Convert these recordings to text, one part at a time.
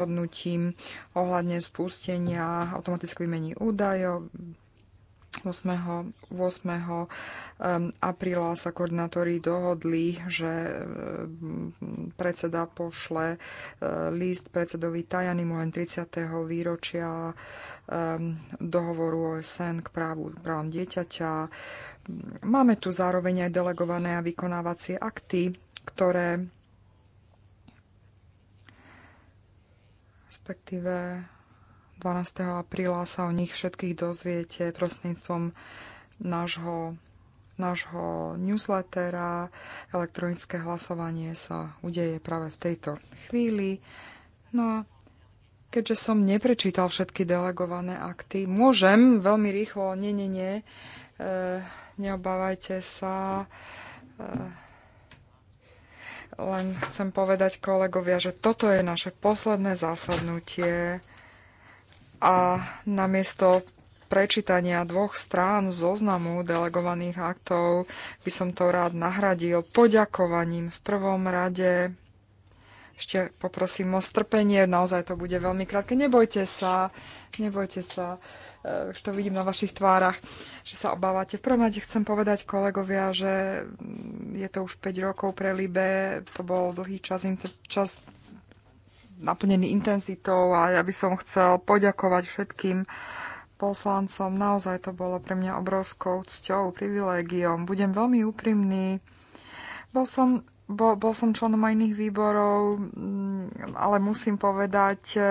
rozhodnutím ohľadne spustenia automatického vymení údajov. 8. 8. apríla sa koordinátori dohodli, že predseda pošle e, list predsedovi Tajanimu len 30. výročia dohovoru OSN k právu, právam dieťaťa. Máme tu zároveň aj delegované a vykonávacie akty, ktoré respektíve 12. apríla sa o nich všetkých dozviete prostredníctvom nášho, nášho newslettera. Elektronické hlasovanie sa udeje práve v tejto chvíli. No a keďže som neprečítal všetky delegované akty, môžem veľmi rýchlo, nie, nie, nie, e, neobávajte sa. E, len chcem povedať kolegovia, že toto je naše posledné zasadnutie a namiesto prečítania dvoch strán zoznamu delegovaných aktov by som to rád nahradil poďakovaním v prvom rade ešte poprosím o strpenie, naozaj to bude veľmi krátke. Nebojte sa, nebojte sa, eh, už to vidím na vašich tvárach, že sa obávate. V prvom rade chcem povedať kolegovia, že mm, je to už 5 rokov pre Libe, to bol dlhý čas, čas naplnený intenzitou a ja by som chcel poďakovať všetkým poslancom. Naozaj to bolo pre mňa obrovskou cťou, privilégiom. Budem veľmi úprimný. Bol som bol, bol som členom aj iných výborov, mm, ale musím povedať, e,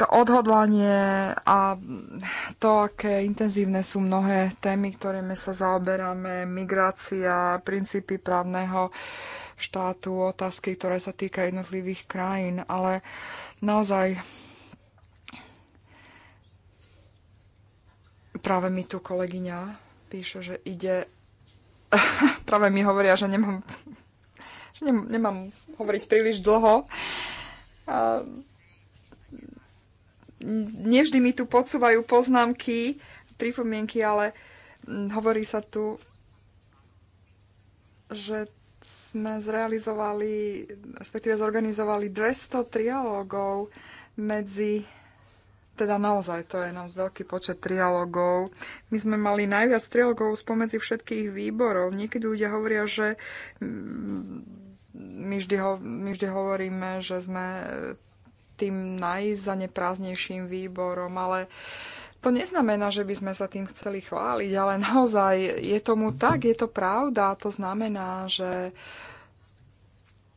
to odhodlanie a to, aké intenzívne sú mnohé témy, ktorými sa zaoberáme, migrácia, princípy právneho štátu, otázky, ktoré sa týkajú jednotlivých krajín, ale naozaj práve mi tu kolegyňa píše, že ide práve mi hovoria, že nemám, že nemám hovoriť príliš dlho. A nevždy mi tu podsúvajú poznámky, pripomienky, ale mm, hovorí sa tu, že sme zrealizovali, respektíve zorganizovali 200 trialógov medzi teda naozaj to je nám veľký počet trialogov. My sme mali najviac trialogov spomedzi všetkých výborov. Niekedy ľudia hovoria, že mm, my vždy, ho, my vždy hovoríme, že sme e, tým najzaneprázdnejším výborom, ale to neznamená, že by sme sa tým chceli chváliť, ale naozaj je tomu tak, je to pravda. To znamená, že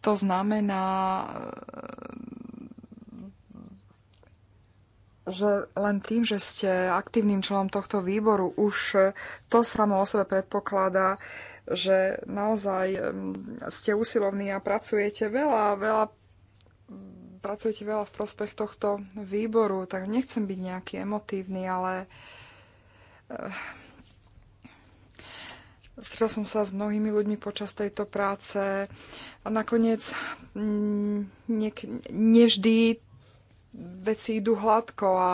to znamená e, že len tým, že ste aktívnym členom tohto výboru, už e, to samo o sebe predpokladá, že naozaj e, ste usilovní a pracujete veľa, veľa pracujete veľa v prospech tohto výboru, tak nechcem byť nejaký emotívny, ale e, stretla som sa s mnohými ľuďmi počas tejto práce a nakoniec mm, nevždy veci idú hladko, a,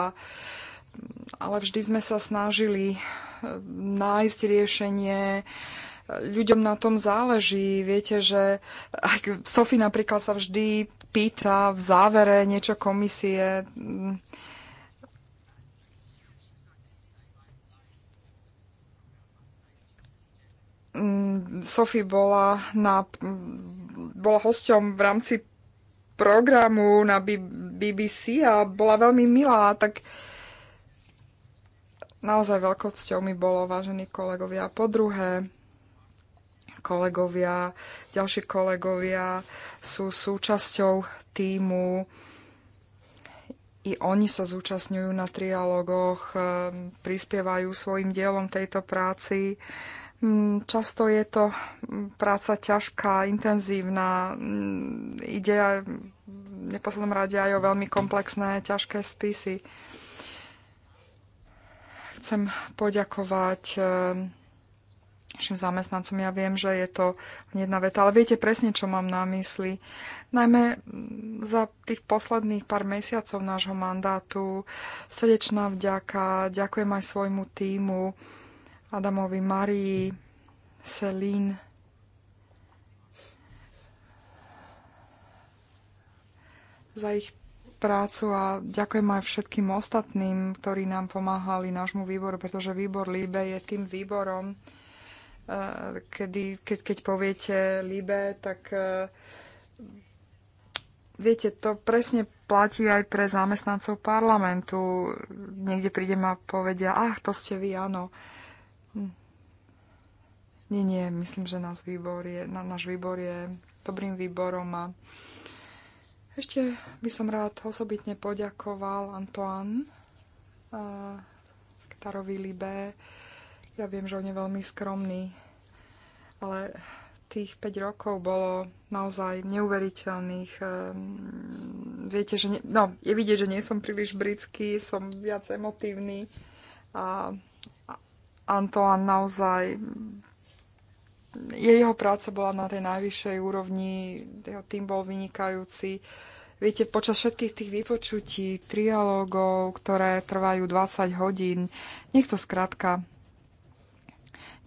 ale vždy sme sa snažili eh, nájsť riešenie, ľuďom na tom záleží. Viete, že Sofi napríklad sa vždy pýta v závere niečo komisie. Mm, mm, Sofi bola, na, bola hosťom v rámci programu na BBC a bola veľmi milá, tak naozaj veľkou cťou mi bolo, vážení kolegovia. Po druhé, kolegovia, ďalší kolegovia sú súčasťou týmu. I oni sa zúčastňujú na trialogoch, ehm, prispievajú svojim dielom tejto práci. Mm, často je to mm, práca ťažká, intenzívna. Mm, ide aj v neposlednom rade aj o veľmi komplexné, ťažké spisy. Chcem poďakovať eh, našim zamestnancom. Ja viem, že je to jedna veta, ale viete presne, čo mám na mysli. Najmä za tých posledných pár mesiacov nášho mandátu srdečná vďaka, ďakujem aj svojmu týmu, Adamovi, Marii, Selín. za ich prácu a ďakujem aj všetkým ostatným, ktorí nám pomáhali nášmu výboru, pretože výbor Líbe je tým výborom, eh, kedy, keď, keď poviete Líbe, tak eh, viete, to presne platí aj pre zamestnancov parlamentu. Niekde prídem a povedia, ach, to ste vy, áno. Nie, nie, myslím, že náš výbor je, na, náš výbor je dobrým výborom a ešte by som rád osobitne poďakoval Antoine a Ktarovi Libé. Ja viem, že on je veľmi skromný, ale tých 5 rokov bolo naozaj neuveriteľných. Mm, viete, že ne, no, je vidieť, že nie som príliš britský, som viac emotívny a Antoine naozaj jeho práca bola na tej najvyššej úrovni, jeho tým bol vynikajúci. Viete, počas všetkých tých vypočutí, trialógov, ktoré trvajú 20 hodín, niekto skrátka,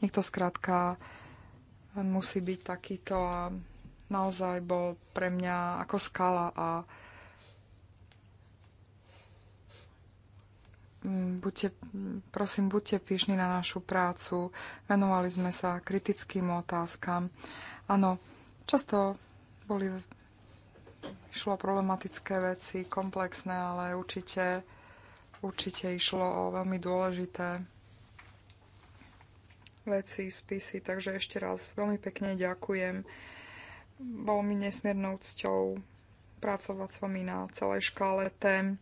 niekto skrátka musí byť takýto a naozaj bol pre mňa ako skala a buďte, prosím, buďte pyšní na našu prácu. Venovali sme sa kritickým otázkam. Áno, často boli išlo problematické veci, komplexné, ale určite, určite išlo o veľmi dôležité veci, spisy, takže ešte raz veľmi pekne ďakujem. Bol mi nesmiernou cťou pracovať s vami na celej škále tém.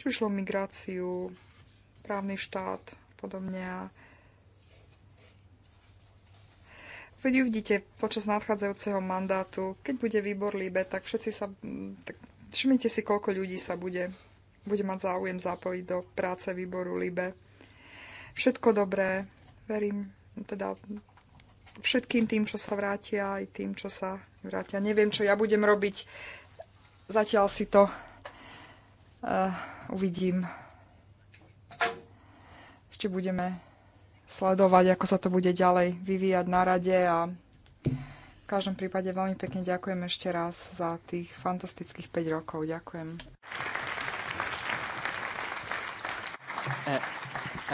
Či už migráciu, právny štát, podobne. Veď uvidíte počas nadchádzajúceho mandátu, keď bude výbor líbe, tak všetci sa... Tak všimnite si, koľko ľudí sa bude, bude mať záujem zapojiť do práce výboru líbe. Všetko dobré, verím, teda všetkým tým, čo sa vrátia, aj tým, čo sa vrátia. Neviem, čo ja budem robiť. Zatiaľ si to Eh, uvidím. Ešte budeme sledovať, ako sa to bude ďalej vyvíjať na rade a v každom prípade veľmi pekne ďakujem ešte raz za tých fantastických 5 rokov. Ďakujem. Eh,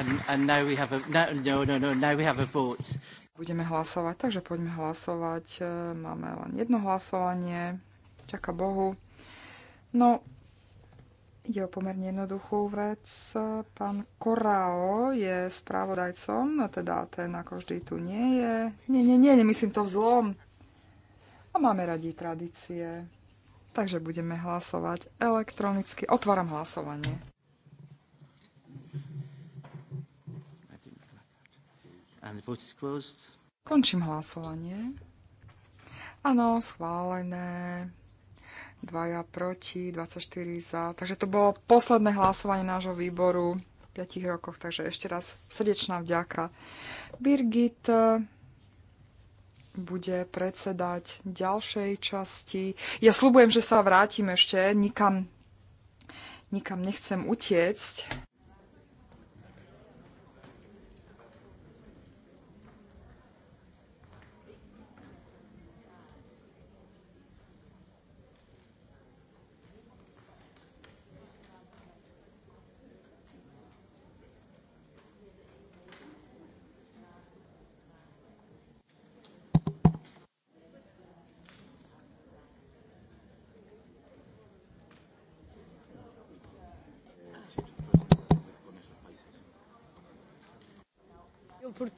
no, no, no, budeme hlasovať, takže poďme hlasovať. Eh, máme len jedno hlasovanie. Ďaká Bohu. No, Ide o pomerne jednoduchú vec. Pán Korao je správodajcom, teda ten ako vždy tu nie je. Nie, nie, nie, nemyslím to vzlom. A máme radi tradície. Takže budeme hlasovať elektronicky. Otváram hlasovanie. Končím hlasovanie. Áno, schválené dvaja proti, 24 za. Takže to bolo posledné hlasovanie nášho výboru v 5 rokoch, takže ešte raz srdečná vďaka. Birgit e, bude predsedať ďalšej časti. Ja slúbujem, že sa vrátim ešte, nikam, nikam nechcem utiecť.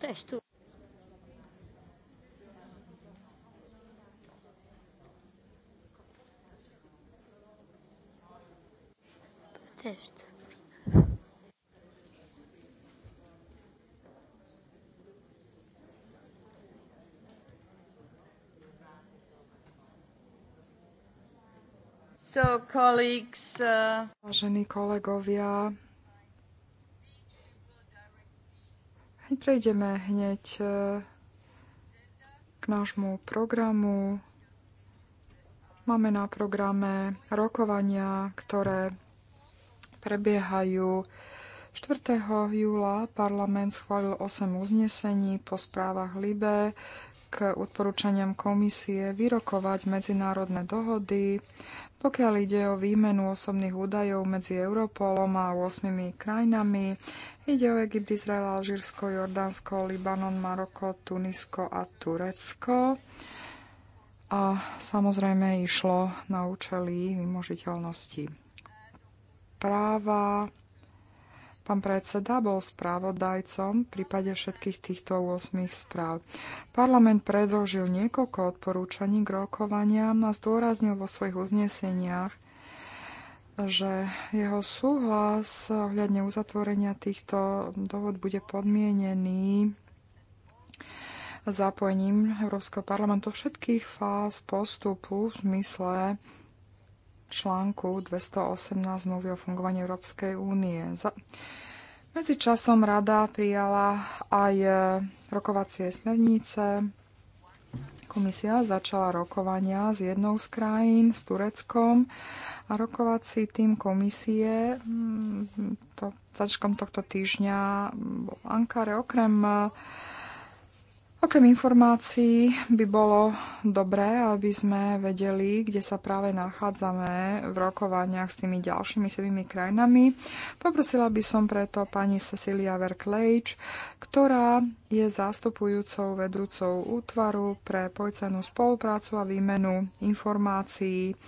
restu test. So, colleagues, uh... Vážení kolegovia, Prejdeme hneď e, k nášmu programu. Máme na programe rokovania, ktoré prebiehajú 4. júla parlament schválil 8 uznesení po správach Libe k odporúčaniam komisie vyrokovať medzinárodné dohody, pokiaľ ide o výmenu osobných údajov medzi Europolom a 8 krajinami, Ide o Egypt, Izrael, Alžírsko, Jordánsko, Libanon, Maroko, Tunisko a Turecko. A samozrejme išlo na účely vymožiteľnosti práva. Pán predseda bol správodajcom v prípade všetkých týchto 8 správ. Parlament predložil niekoľko odporúčaní k rokovaniam a zdôraznil vo svojich uzneseniach, že jeho súhlas ohľadne uzatvorenia týchto dohod bude podmienený zapojením Európskeho parlamentu všetkých fáz postupu v zmysle článku 218 zmluvy o fungovaní Európskej únie. Medzi časom rada prijala aj rokovacie smernice. Komisia začala rokovania s jednou z krajín, s Tureckom, a rokovací tým komisie to, začkom tohto týždňa v Ankare okrem Okrem informácií by bolo dobré, aby sme vedeli, kde sa práve nachádzame v rokovaniach s tými ďalšími sedmými krajinami. Poprosila by som preto pani Cecilia Verklejč, ktorá je zastupujúcou vedúcou útvaru pre policajnú spoluprácu a výmenu informácií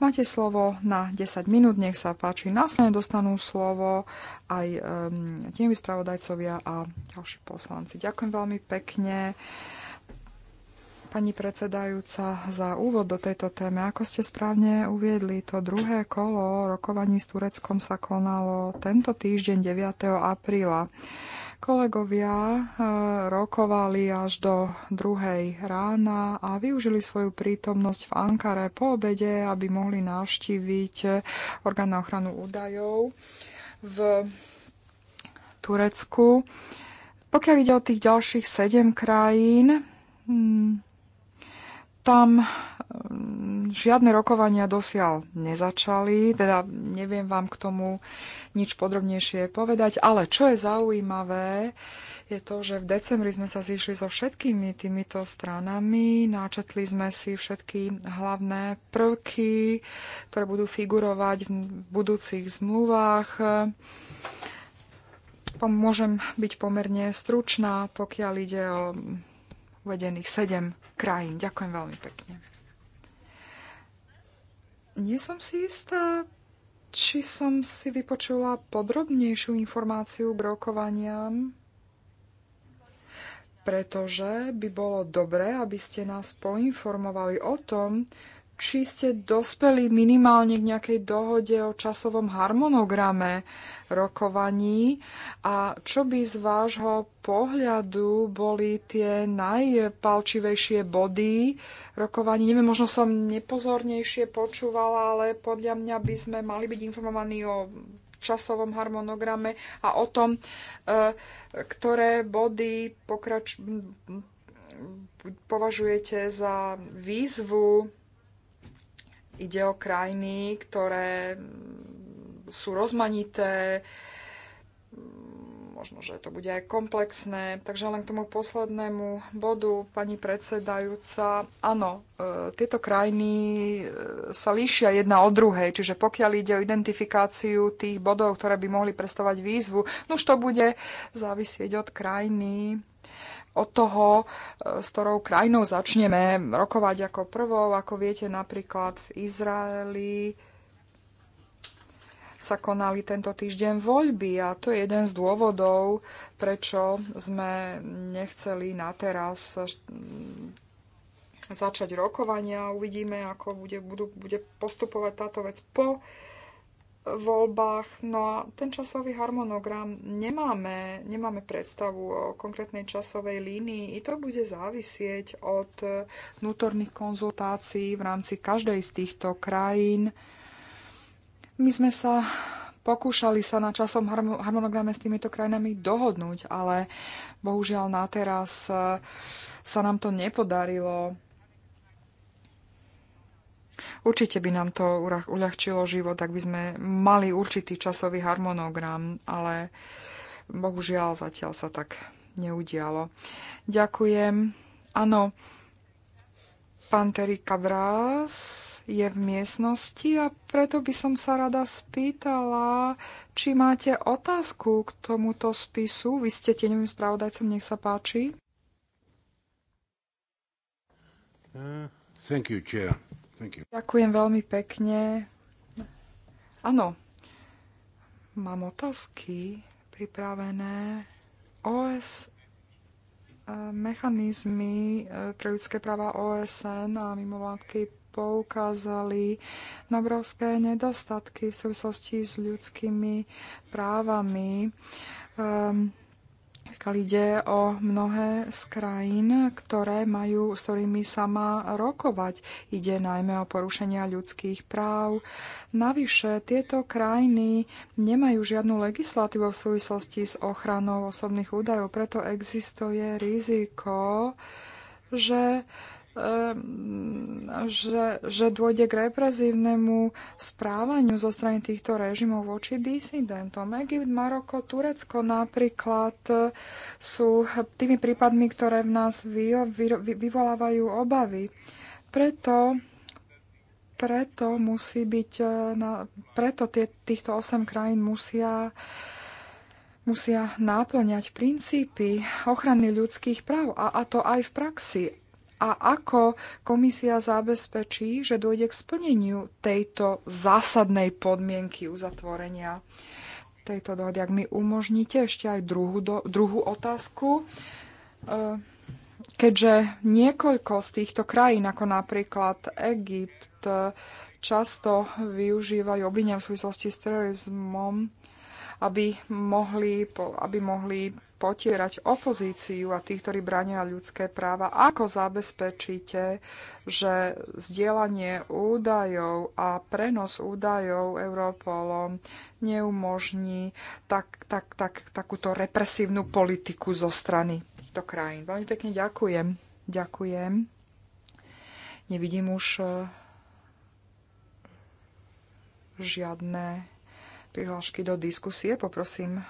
Máte slovo na 10 minút, nech sa páči. Následne dostanú slovo aj um, tiemi spravodajcovia a ďalší poslanci. Ďakujem veľmi pekne. Pani predsedajúca, za úvod do tejto téme, ako ste správne uviedli, to druhé kolo rokovaní s Tureckom sa konalo tento týždeň 9. apríla. Kolegovia eh, rokovali až do druhej rána a využili svoju prítomnosť v Ankare po obede, aby mohli navštíviť eh, orgán na ochranu údajov v Turecku. Pokiaľ ide o tých ďalších sedem krajín, mm, tam žiadne rokovania dosiaľ nezačali, teda neviem vám k tomu nič podrobnejšie povedať, ale čo je zaujímavé, je to, že v decembri sme sa zišli so všetkými týmito stranami, náčetli sme si všetky hlavné prvky, ktoré budú figurovať v budúcich zmluvách. Môžem byť pomerne stručná, pokiaľ ide o uvedených 7 krajín. Ďakujem veľmi pekne nie som si istá, či som si vypočula podrobnejšiu informáciu k rokovaniam, pretože by bolo dobré, aby ste nás poinformovali o tom, či ste dospeli minimálne k nejakej dohode o časovom harmonograme rokovaní a čo by z vášho pohľadu boli tie najpalčivejšie body rokovaní. Neviem, možno som nepozornejšie počúvala, ale podľa mňa by sme mali byť informovaní o časovom harmonograme a o tom, e, ktoré body pokrač- považujete za výzvu Ide o krajiny, ktoré sú rozmanité, možno, že to bude aj komplexné. Takže len k tomu poslednému bodu, pani predsedajúca, áno, e, tieto krajiny e, sa líšia jedna od druhej, čiže pokiaľ ide o identifikáciu tých bodov, ktoré by mohli predstavovať výzvu, no už to bude závisieť od krajiny, od toho, e, s ktorou krajinou začneme rokovať ako prvou. Ako viete, napríklad v Izraeli sa konali tento týždeň voľby a to je jeden z dôvodov, prečo sme nechceli na teraz e, začať rokovania. Uvidíme, ako bude, budú, bude postupovať táto vec po voľbách. No a ten časový harmonogram nemáme, nemáme predstavu o konkrétnej časovej línii. I to bude závisieť od vnútorných konzultácií v rámci každej z týchto krajín. My sme sa pokúšali sa na časom harmonograme s týmito krajinami dohodnúť, ale bohužiaľ na teraz eh, sa nám to nepodarilo. Určite by nám to uľahčilo život, ak by sme mali určitý časový harmonogram, ale bohužiaľ zatiaľ sa tak neudialo. Ďakujem. Áno, pán Terry Cabras je v miestnosti a preto by som sa rada spýtala, či máte otázku k tomuto spisu. Vy ste tieňovým spravodajcom, nech sa páči. Uh, thank you, chair. Ďakujem veľmi pekne. Áno, mám otázky pripravené. OS e, mechanizmy e, pre ľudské práva OSN a mimovládky poukázali na obrovské nedostatky v súvislosti s ľudskými právami. Um, pokiaľ ide o mnohé z krajín, ktoré majú, s ktorými sa má rokovať. Ide najmä o porušenia ľudských práv. Navyše, tieto krajiny nemajú žiadnu legislatívu v súvislosti s ochranou osobných údajov, preto existuje riziko, že Ehm, že, že dôjde k represívnemu správaniu zo strany týchto režimov voči disidentom. Egypt, Maroko, Turecko napríklad eh, sú tými prípadmi, ktoré v nás vy, vy, vy, vyvolávajú obavy. Preto preto musí byť, eh, na, preto tie, týchto 8 krajín musia musia náplňať princípy ochrany ľudských práv a, a to aj v praxi a ako komisia zabezpečí, že dôjde k splneniu tejto zásadnej podmienky uzatvorenia tejto dohody. Ak mi umožníte ešte aj druhú, do, druhú otázku. E, keďže niekoľko z týchto krajín, ako napríklad Egypt, často využívajú obvinia v súvislosti s terorizmom, aby mohli, aby mohli potierať opozíciu a tých, ktorí bránia ľudské práva? Ako zabezpečíte, že zdieľanie údajov a prenos údajov Europolom neumožní tak, tak, tak, takúto represívnu politiku zo strany týchto krajín? Veľmi pekne ďakujem. Ďakujem. Nevidím už eh, žiadne prihlášky do diskusie. Poprosím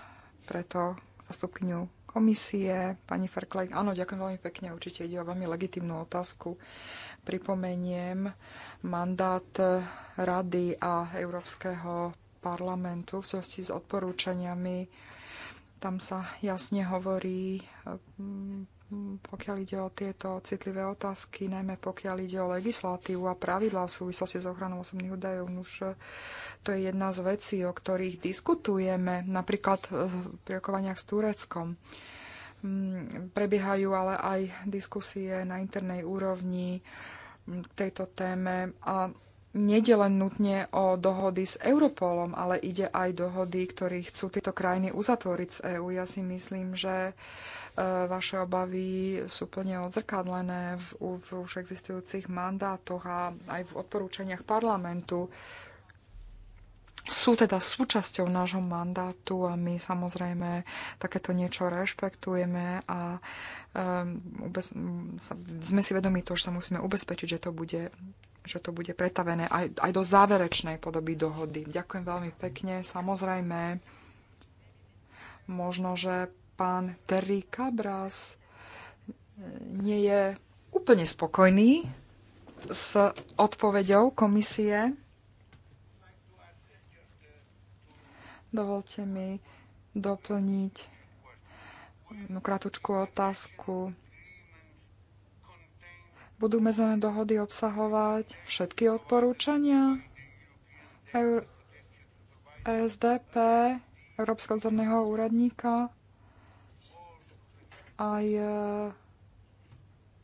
preto zastupkyňou komisie, pani Ferklej. Áno, ďakujem veľmi pekne, určite ide o veľmi legitimnú otázku. Pripomeniem mandát Rady a Európskeho parlamentu v súvislosti s odporúčaniami. Tam sa jasne hovorí Mm, pokiaľ ide o tieto citlivé otázky, najmä pokiaľ ide o legislatívu a pravidlá v súvislosti s ochranou osobných údajov. Už e, to je jedna z vecí, o ktorých diskutujeme, napríklad e, pri rokovaniach s Tureckom. Mm, prebiehajú ale aj diskusie na internej úrovni mm, k tejto téme a nejde len nutne o dohody s Europolom, ale ide aj dohody, ktoré chcú tieto krajiny uzatvoriť z EÚ. Ja si myslím, že e, vaše obavy sú plne odzrkadlené v, v už existujúcich mandátoch a aj v odporúčaniach parlamentu. Sú teda súčasťou nášho mandátu a my samozrejme takéto niečo rešpektujeme a um, sme si vedomi toho, že sa musíme ubezpečiť, že to bude že to bude pretavené aj, aj do záverečnej podoby dohody. Ďakujem veľmi pekne. Samozrejme, možno, že pán Terry Cabras nie je úplne spokojný s odpoveďou komisie. Dovolte mi doplniť jednu kratučkú otázku budú medzené dohody obsahovať všetky odporúčania? Eur- ESDP, Európskeho zorného úradníka, aj e,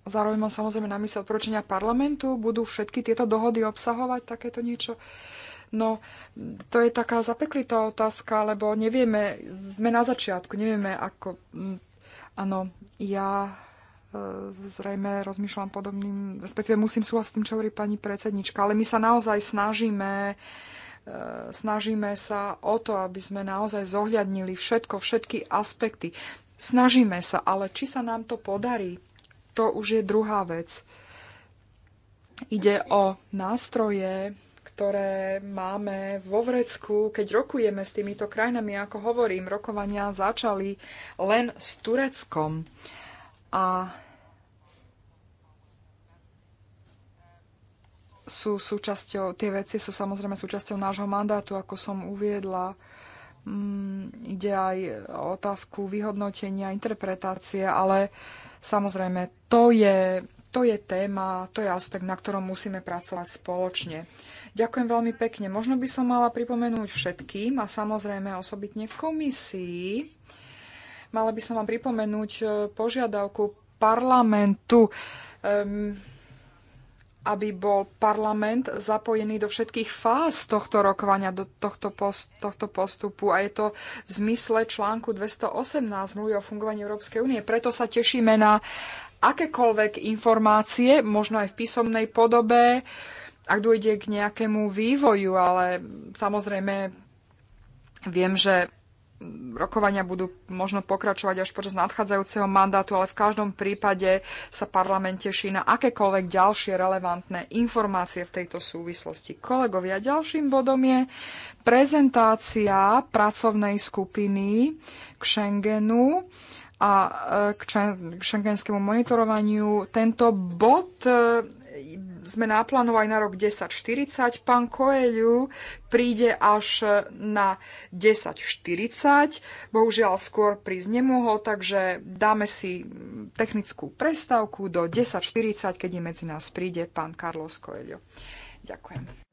zároveň mám samozrejme na mysle odporúčania parlamentu, budú všetky tieto dohody obsahovať takéto niečo? No, to je taká zapeklitá otázka, lebo nevieme, sme na začiatku, nevieme ako... Áno, ja Ehm, zrejme rozmýšľam podobným, respektíve musím súhlasiť s tým, čo hovorí pani predsednička, ale my sa naozaj snažíme ehm, snažíme sa o to, aby sme naozaj zohľadnili všetko, všetky aspekty. Snažíme sa, ale či sa nám to podarí, to už je druhá vec. Ide o nástroje, ktoré máme vo Vrecku, keď rokujeme s týmito krajinami, ako hovorím, rokovania začali len s Tureckom. Uh, a sú súčasťou, tie veci sú samozrejme súčasťou nášho mandátu, ako som uviedla. Mm, ide aj o otázku vyhodnotenia, interpretácie, ale samozrejme to je, to je téma, to je aspekt, na ktorom musíme pracovať spoločne. Ďakujem veľmi pekne. Možno by som mala pripomenúť všetkým a samozrejme osobitne komisii, Mala by som vám pripomenúť e, požiadavku parlamentu, aby bol parlament zapojený do všetkých fáz tohto rokovania, do tohto, post, tohto postupu a je to v zmysle článku 218 mluví o fungovaní Európskej únie. Preto sa tešíme na akékoľvek informácie, možno aj v písomnej podobe, ak dôjde k nejakému vývoju, ale samozrejme viem, že rokovania budú možno pokračovať až počas nadchádzajúceho mandátu, ale v každom prípade sa parlament teší na akékoľvek ďalšie relevantné informácie v tejto súvislosti. Kolegovia, ďalším bodom je prezentácia pracovnej skupiny k Schengenu a e, k šengenskému monitorovaniu. Tento bod e, sme naplánovali na rok 10.40. Pán Koeliu príde až na 10.40. Bohužiaľ skôr prísť nemohol, takže dáme si technickú prestávku do 10.40, keď je medzi nás príde pán Carlos Coelho. Ďakujem.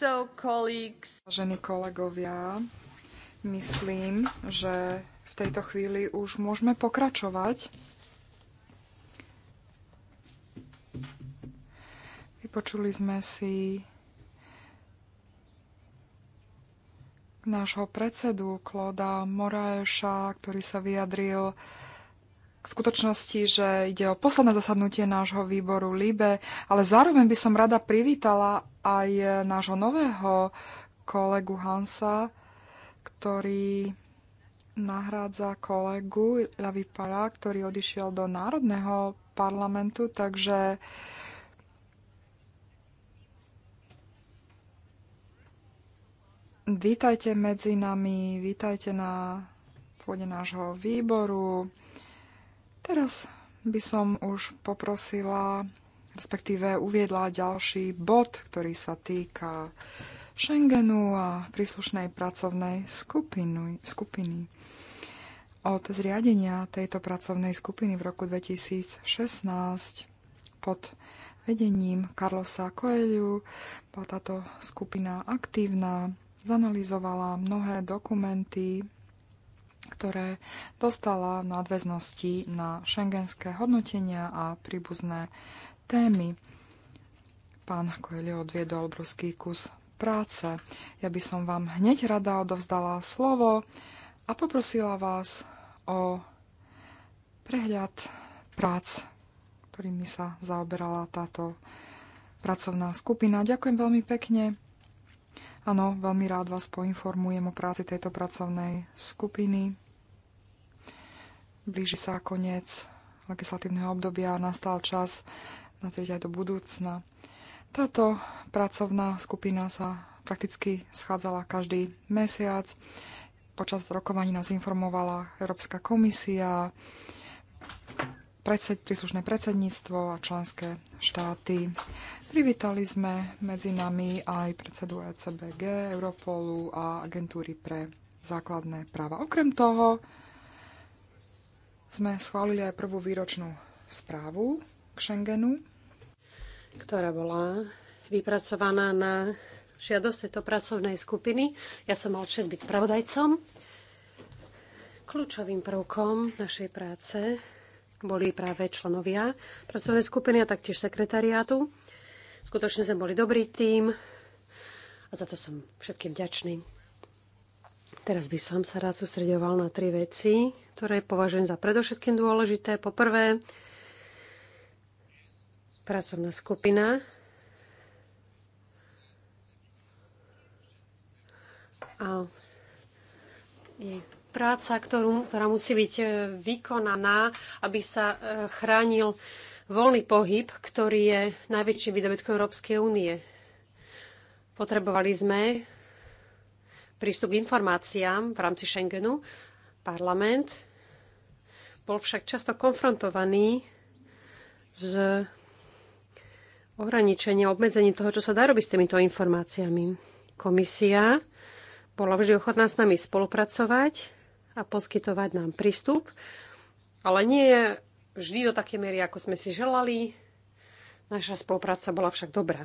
Vážení kolegovia, myslím, že v tejto chvíli už môžeme pokračovať. Vypočuli sme si nášho predsedu Kloda Moraeša, ktorý sa vyjadril k skutočnosti, že ide o posledné zasadnutie nášho výboru LIBE, ale zároveň by som rada privítala aj e, nášho nového kolegu Hansa, ktorý nahrádza kolegu Lavi Pala, ktorý odišiel do Národného parlamentu, takže vítajte medzi nami, vítajte na pôde nášho výboru. Teraz by som už poprosila respektíve uviedla ďalší bod, ktorý sa týka Schengenu a príslušnej pracovnej skupiny. skupiny. Od zriadenia tejto pracovnej skupiny v roku 2016 pod vedením Carlosa Coelhu bola táto skupina aktívna, zanalizovala mnohé dokumenty, ktoré dostala nadväznosti na šengenské hodnotenia a príbuzné témy. Pán Koelio odviedol obrovský kus práce. Ja by som vám hneď rada odovzdala slovo a poprosila vás o prehľad prác, ktorými sa zaoberala táto pracovná skupina. Ďakujem veľmi pekne. Áno, veľmi rád vás poinformujem o práci tejto pracovnej skupiny. Blíži sa koniec legislatívneho obdobia a nastal čas nazrieť aj do budúcna. Táto pracovná skupina sa prakticky schádzala každý mesiac. Počas rokovaní nás informovala Európska komisia, predsed, príslušné predsedníctvo a členské štáty. Privítali sme medzi nami aj predsedu ECBG, Europolu a agentúry pre základné práva. Okrem toho sme schválili aj prvú výročnú správu k Schengenu ktorá bola vypracovaná na žiadosť tejto pracovnej skupiny. Ja som mal čest byť spravodajcom. Kľúčovým prvkom našej práce boli práve členovia pracovnej skupiny a taktiež sekretariátu. Skutočne sme boli dobrý tým. a za to som všetkým vďačný. Teraz by som sa rád sústredoval na tri veci, ktoré považujem za predovšetkým dôležité. Po prvé, pracovná skupina a je práca, ktorú, ktorá musí byť e, vykonaná, aby sa e, chránil voľný pohyb, ktorý je najväčším výdobytkom Európskej únie. Potrebovali sme prístup k informáciám v rámci Schengenu. Parlament bol však často konfrontovaný s ohraničenie, obmedzenie toho, čo sa dá robiť s týmito informáciami. Komisia bola vždy ochotná s nami spolupracovať a poskytovať nám prístup, ale nie vždy do také miery, ako sme si želali. Naša spolupráca bola však dobrá.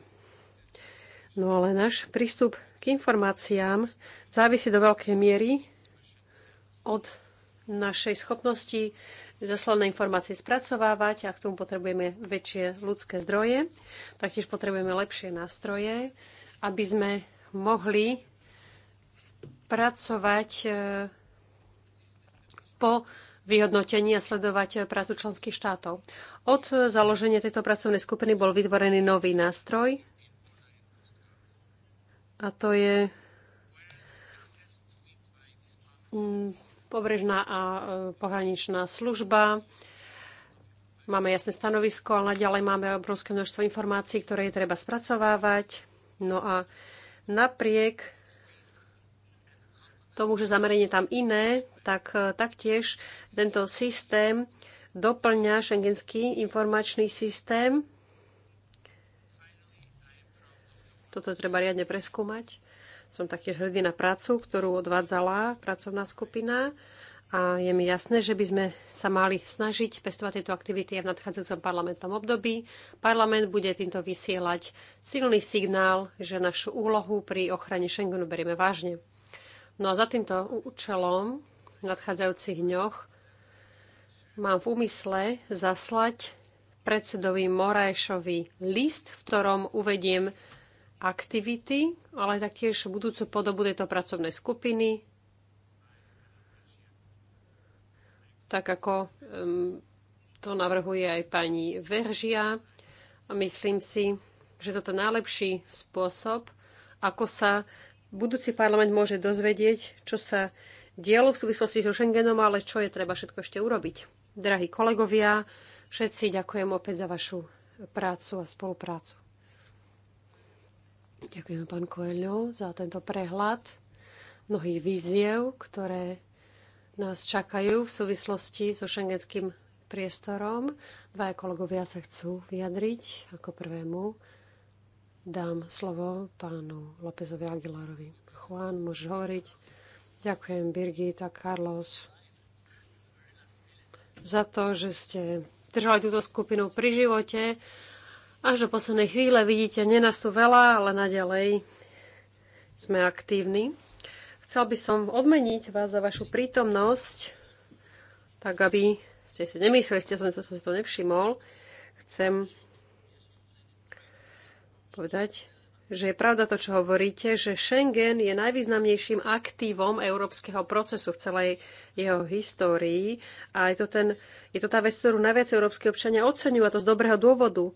No ale náš prístup k informáciám závisí do veľkej miery od našej schopnosti doslovné informácie spracovávať a k tomu potrebujeme väčšie ľudské zdroje. Taktiež potrebujeme lepšie nástroje, aby sme mohli pracovať e, po vyhodnotení a sledovať e, prácu členských štátov. Od založenia tejto pracovnej skupiny bol vytvorený nový nástroj a to je pobrežná a e, pohraničná služba. Máme jasné stanovisko, ale naďalej máme obrovské množstvo informácií, ktoré je treba spracovávať. No a napriek tomu, že zameranie tam iné, tak e, taktiež tento systém doplňa šengenský informačný systém. Toto treba riadne preskúmať. Som taktiež hrdý na prácu, ktorú odvádzala pracovná skupina a je mi jasné, že by sme sa mali snažiť pestovať tieto aktivity aj v nadchádzajúcom parlamentnom období. Parlament bude týmto vysielať silný signál, že našu úlohu pri ochrane Schengenu berieme vážne. No a za týmto účelom v nadchádzajúcich dňoch mám v úmysle zaslať predsedovi Morajšovi list, v ktorom uvediem aktivity, ale taktiež budúcu podobu tejto pracovnej skupiny, tak ako to navrhuje aj pani Veržia. A myslím si, že toto je najlepší spôsob, ako sa budúci parlament môže dozvedieť, čo sa dialo v súvislosti so Schengenom, ale čo je treba všetko ešte urobiť. Drahí kolegovia, všetci ďakujem opäť za vašu prácu a spoluprácu. Ďakujeme, pán Koelio, za tento prehľad mnohých víziev, ktoré nás čakajú v súvislosti so šengenským priestorom. Dva kolegovia sa chcú vyjadriť. Ako prvému dám slovo pánu Lópezovi Aguilarovi. Juan, môžeš hovoriť. Ďakujem Birgit a Carlos za to, že ste držali túto skupinu pri živote až do poslednej chvíle vidíte, nie nás tu veľa, ale naďalej sme aktívni. Chcel by som odmeniť vás za vašu prítomnosť, tak aby ste si nemysleli, ste som, som si to nevšimol. Chcem povedať, že je pravda to, čo hovoríte, že Schengen je najvýznamnejším aktívom európskeho procesu v celej jeho histórii a je to, ten, je to tá vec, ktorú najviac európsky občania oceňujú a to z dobrého dôvodu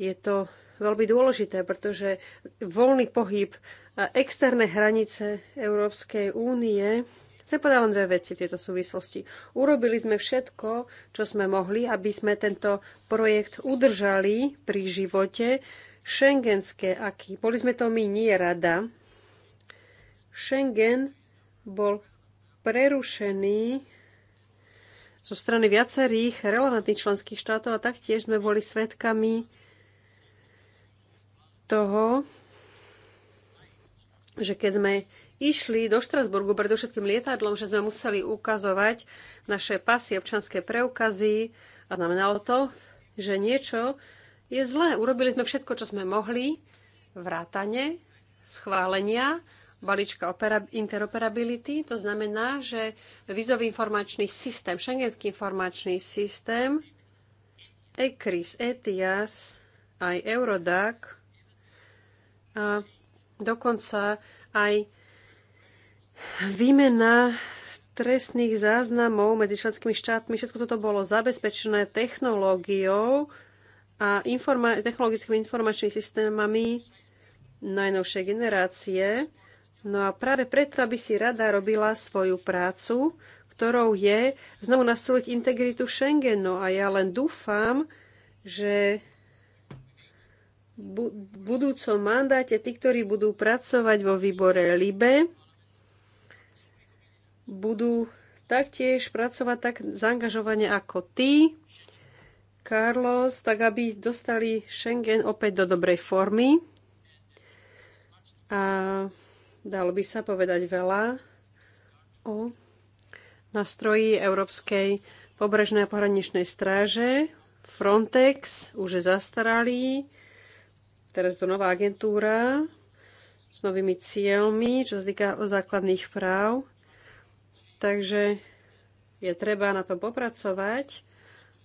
je to veľmi dôležité, pretože voľný pohyb a externé hranice Európskej únie. Chcem povedať len dve veci v tejto súvislosti. Urobili sme všetko, čo sme mohli, aby sme tento projekt udržali pri živote. Schengenské aký? Boli sme to my, nie rada. Schengen bol prerušený zo strany viacerých relevantných členských štátov a taktiež sme boli svedkami toho, že keď sme išli do Štrasburgu predovšetkým lietadlom, že sme museli ukazovať naše pasy, občanské preukazy a znamenalo to, že niečo je zlé. Urobili sme všetko, čo sme mohli, vrátane, schválenia, balíčka interoperability. To znamená, že vizový informačný systém, šengenský informačný systém, ECRIS, ETIAS, aj Eurodac a dokonca aj výmena trestných záznamov medzi členskými štátmi, všetko toto bolo zabezpečené technológiou a informa- technologickými informačnými systémami najnovšej generácie. No a práve preto, aby si rada robila svoju prácu, ktorou je znovu nastoliť integritu Schengenu. A ja len dúfam, že bu- budúcom mandáte tí, ktorí budú pracovať vo výbore LIBE, budú taktiež pracovať tak zaangažovane ako ty, Carlos, tak aby dostali Schengen opäť do dobrej formy. A dalo by sa povedať veľa o nástroji Európskej pobrežnej a pohraničnej stráže. Frontex už je zastaralý, teraz do nová agentúra s novými cieľmi, čo sa týka základných práv. Takže je treba na to popracovať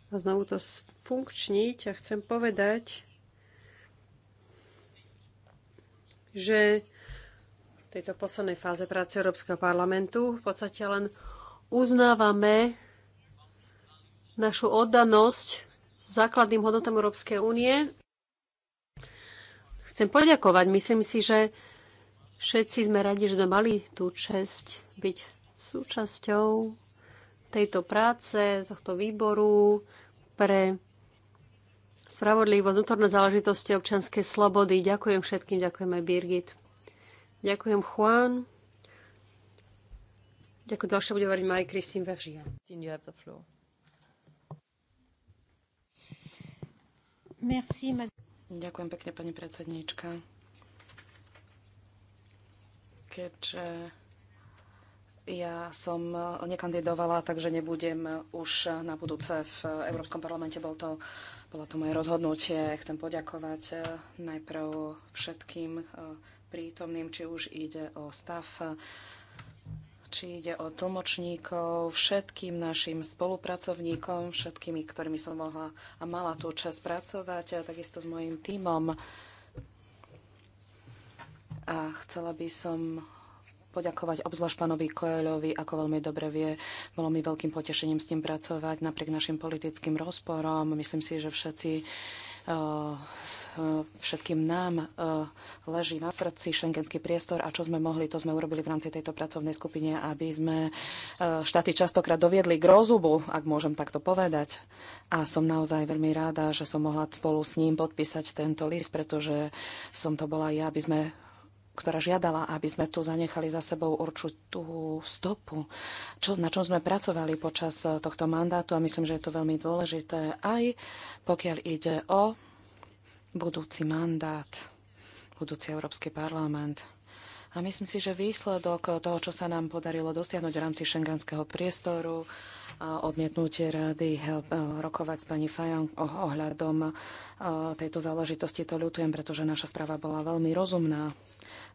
a znovu to funkčniť. A chcem povedať, že v tejto poslednej fáze práce Európskeho parlamentu v podstate len uznávame našu oddanosť základným hodnotám Európskej únie chcem poďakovať. Myslím si, že všetci sme radi, že sme mali tú čest byť súčasťou tejto práce, tohto výboru pre spravodlivosť, vnútorné záležitosti občianskej slobody. Ďakujem všetkým, ďakujem aj Birgit. Ďakujem Juan. Ďakujem, ďalšia bude hovoriť Marie-Christine Veržia. Merci, madame. Ďakujem pekne, pani predsedníčka. Keďže ja som nekandidovala, takže nebudem už na budúce v Európskom parlamente. Bol to, bolo to moje rozhodnutie. Chcem poďakovať eh, najprv všetkým eh, prítomným, či už ide o stav či ide o tlmočníkov, všetkým našim spolupracovníkom, všetkými, ktorými som mohla a mala tú čas pracovať, a takisto s mojim tímom. A chcela by som poďakovať obzvlášť pánovi Koelovi, ako veľmi dobre vie. Bolo mi veľkým potešením s ním pracovať napriek našim politickým rozporom. Myslím si, že všetci Eh, všetkým nám eh, leží na srdci šengenský priestor a čo sme mohli, to sme urobili v rámci tejto pracovnej skupine, aby sme eh, štáty častokrát doviedli k rozubu, ak môžem takto povedať. A som naozaj veľmi ráda, že som mohla spolu s ním podpísať tento list, pretože som to bola ja, aby sme ktorá žiadala, aby sme tu zanechali za sebou určitú stopu, čo, na čom sme pracovali počas eh, tohto mandátu a myslím, že je to veľmi dôležité aj pokiaľ ide o budúci mandát, budúci Európsky parlament. A myslím si, že výsledok toho, čo sa nám podarilo dosiahnuť v rámci šengenského priestoru, eh, odmietnutie rady eh, rokovať s pani Fajon ohľadom tejto záležitosti, to ľutujem, pretože naša správa bola veľmi rozumná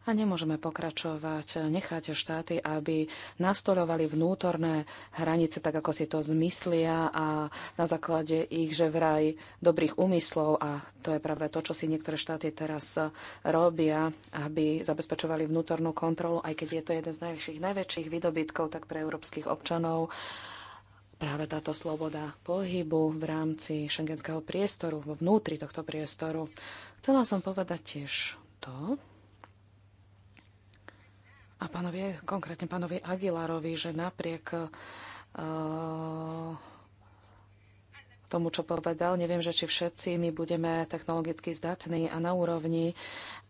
a nemôžeme pokračovať, nechať štáty, aby nastolovali vnútorné hranice tak, ako si to zmyslia a na základe ich, že vraj dobrých úmyslov a to je práve to, čo si niektoré štáty teraz robia, aby zabezpečovali vnútornú kontrolu, aj keď je to jeden z najväčších, najväčších vydobytkov tak pre európskych občanov práve táto sloboda pohybu v rámci šengenského priestoru, vo vnútri tohto priestoru. Chcela som povedať tiež to, a pánovie, konkrétne pánovi Aguilarovi, že napriek uh, tomu, čo povedal. Neviem, že či všetci my budeme technologicky zdatní a na úrovni, e,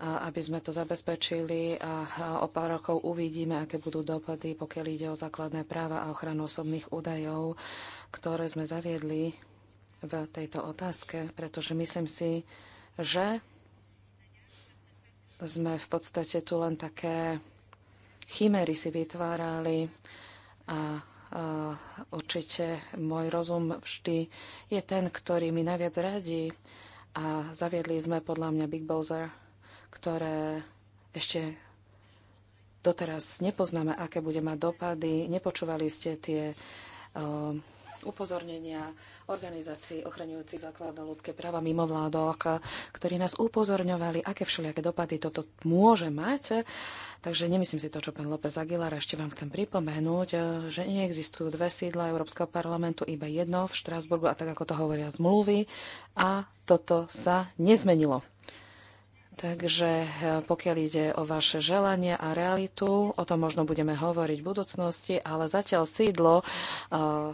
aby sme to zabezpečili a o pár rokov uvidíme, aké budú dopady, pokiaľ ide o základné práva a ochranu osobných údajov, ktoré sme zaviedli v tejto otázke, pretože myslím si, že sme v podstate tu len také chimery si vytvárali a a určite môj rozum vždy je ten, ktorý mi najviac radí. A zaviedli sme podľa mňa Big Bowser, ktoré ešte doteraz nepoznáme, aké bude mať dopady. Nepočúvali ste tie uh, upozornenia organizácií ochraňujúcich základné ľudské práva mimovládok, ktorí nás upozorňovali, aké všelijaké dopady toto môže mať. Takže nemyslím si to, čo pán López Aguilar. Ešte vám chcem pripomenúť, že neexistujú dve sídla Európskeho parlamentu, iba jedno v Štrásburgu a tak, ako to hovoria zmluvy. A toto sa nezmenilo. Takže e, pokiaľ ide o vaše želanie a realitu, o tom možno budeme hovoriť v budúcnosti, ale zatiaľ sídlo e,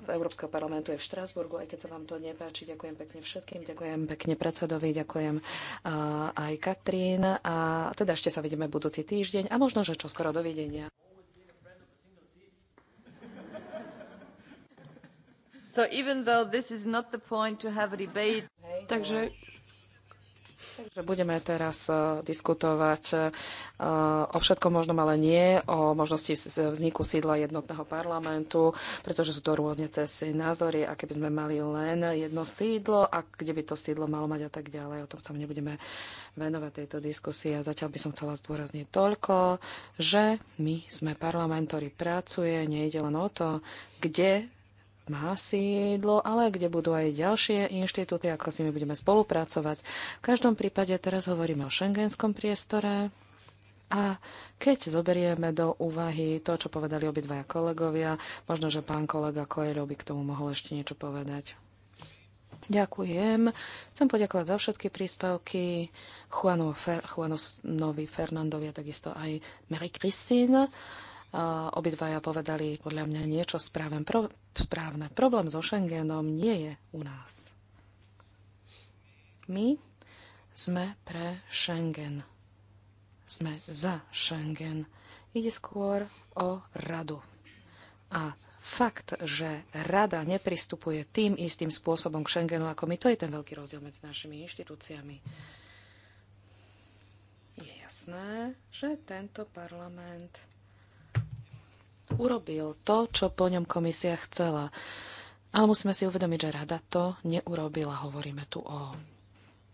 Európskeho parlamentu je v Štrasburgu, aj keď sa vám to nepáči. Ďakujem pekne všetkým, ďakujem pekne predsedovi, ďakujem e, aj Katrín. A teda ešte sa vidíme budúci týždeň a možno, že čoskoro dovidenia. So even though this is not the point to have a debate, Takže Takže budeme teraz e, diskutovať e, o všetkom možnom, ale nie o možnosti vzniku sídla jednotného parlamentu, pretože sú to rôzne cesty, názory, aké by sme mali len jedno sídlo a kde by to sídlo malo mať a tak ďalej. O tom sa nebudeme venovať tejto diskusii a zatiaľ by som chcela zdôrazniť toľko, že my sme parlamentori, pracuje, nejde len o to, kde má sídlo, ale kde budú aj ďalšie inštitúty, ako s nimi budeme spolupracovať. V každom prípade teraz hovoríme o šengenskom priestore. A keď zoberieme do úvahy to, čo povedali obidvaja kolegovia, možno, že pán kolega Koero by k tomu mohol ešte niečo povedať. Ďakujem. Chcem poďakovať za všetky príspevky Juanovi Fer, Fernandovi a takisto aj Mary Christine. Obidvaja povedali podľa mňa niečo správne. Pro, správne. Problém so Schengenom nie je u nás. My sme pre Schengen. Sme za Schengen. Ide skôr o radu. A fakt, že rada nepristupuje tým istým spôsobom k Schengenu ako my, to je ten veľký rozdiel medzi našimi inštitúciami. Je jasné, že tento parlament urobil to, čo po ňom komisia chcela. Ale musíme si uvedomiť, že rada to neurobila. Hovoríme tu o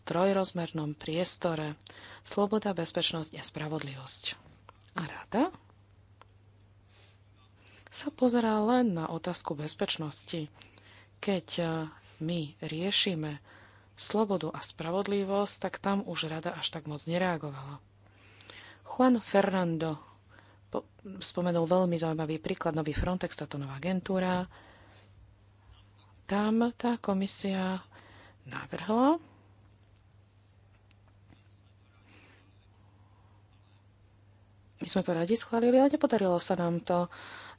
trojrozmernom priestore. Sloboda, bezpečnosť a spravodlivosť. A rada sa pozerá len na otázku bezpečnosti. Keď eh, my riešime slobodu a spravodlivosť, tak tam už rada až tak moc nereagovala. Juan Fernando spomenul veľmi zaujímavý príklad, nový Frontex, táto nová agentúra. Tam tá komisia navrhla, My sme to radi schválili, ale nepodarilo sa nám to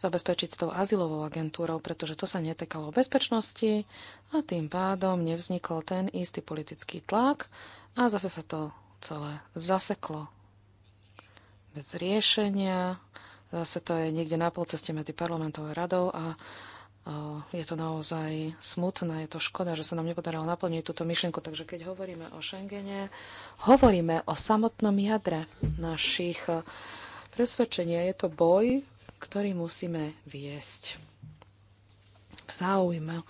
zabezpečiť s tou azylovou agentúrou, pretože to sa netekalo bezpečnosti a tým pádom nevznikol ten istý politický tlak a zase sa to celé zaseklo. Bez riešenia, Zase to je niekde na polceste medzi parlamentovou a radou a je to naozaj smutné, je to škoda, že sa nám nepodarilo naplniť túto myšlienku. Takže keď hovoríme o Schengene, hovoríme o samotnom jadre našich e, presvedčenia. Je to boj, ktorý musíme viesť v záujme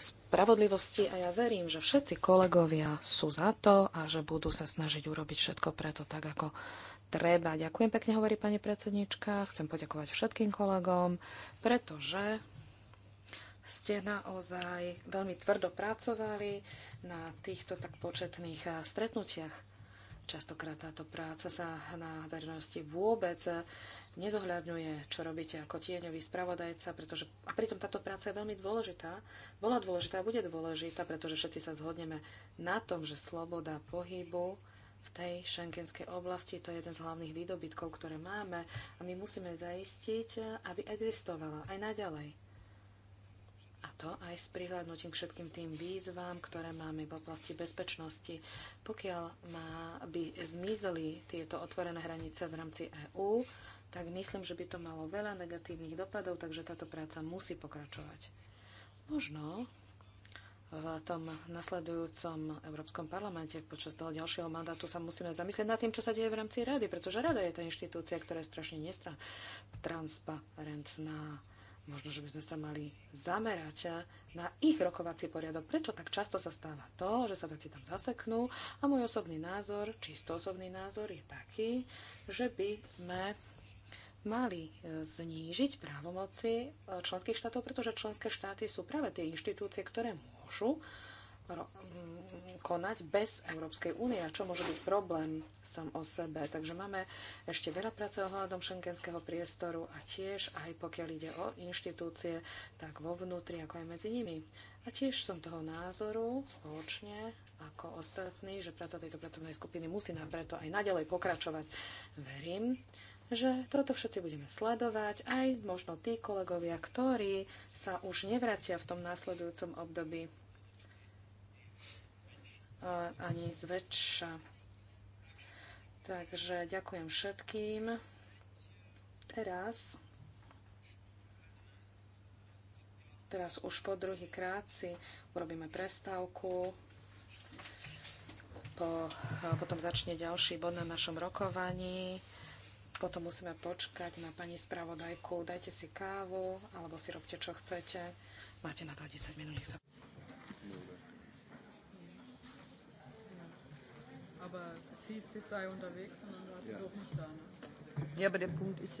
spravodlivosti a ja verím, že všetci kolegovia sú za to a že budú sa snažiť urobiť všetko preto tak, ako treba. Ďakujem pekne, hovorí pani predsednička. Chcem poďakovať všetkým kolegom, pretože ste naozaj veľmi tvrdo pracovali na týchto tak početných eh, stretnutiach. Častokrát táto práca sa na verejnosti vôbec nezohľadňuje, čo robíte ako tieňový spravodajca, pretože, a pritom táto práca je veľmi dôležitá, bola dôležitá a bude dôležitá, pretože všetci sa zhodneme na tom, že sloboda pohybu v tej šengenskej oblasti. To je jeden z hlavných výdobytkov, ktoré máme a my musíme zaistiť, aby existovala aj naďalej. A to aj s prihľadnutím k všetkým tým výzvám, ktoré máme v oblasti bezpečnosti. Pokiaľ má, by zmizli tieto otvorené hranice v rámci EÚ, tak myslím, že by to malo veľa negatívnych dopadov, takže táto práca musí pokračovať. Možno v tom nasledujúcom Európskom parlamente počas toho ďalšieho mandátu sa musíme zamyslieť nad tým, čo sa deje v rámci rady, pretože rada je tá inštitúcia, ktorá je strašne nestra, transparentná. Možno, že by sme sa mali zamerať na ich rokovací poriadok. Prečo tak často sa stáva to, že sa veci tam zaseknú? A môj osobný názor, čisto osobný názor, je taký, že by sme mali e, znížiť právomoci e, členských štátov, pretože členské štáty sú práve tie inštitúcie, ktoré môžu mm, konať bez Európskej únie, čo môže byť problém sám o sebe. Takže máme ešte veľa práce ohľadom šengenského priestoru a tiež aj pokiaľ ide o inštitúcie, tak vo vnútri, ako aj medzi nimi. A tiež som toho názoru spoločne ako ostatní, že práca tejto pracovnej skupiny musí nám preto aj naďalej pokračovať. Verím, že toto všetci budeme sledovať, aj možno tí kolegovia, ktorí sa už nevracia v tom následujúcom období ani zväčša. Takže ďakujem všetkým. Teraz, teraz už po druhý krát si urobíme prestávku. Po, potom začne ďalší bod na našom rokovaní. Potom musíme počkať na pani spravodajku. Dajte si kávu, alebo si robte, čo chcete. Máte na to 10 minút, nech sa... Aber sie ist sie sei unterwegs und dann war sie ja. doch nicht da. Ne? Ja, aber der Punkt ist,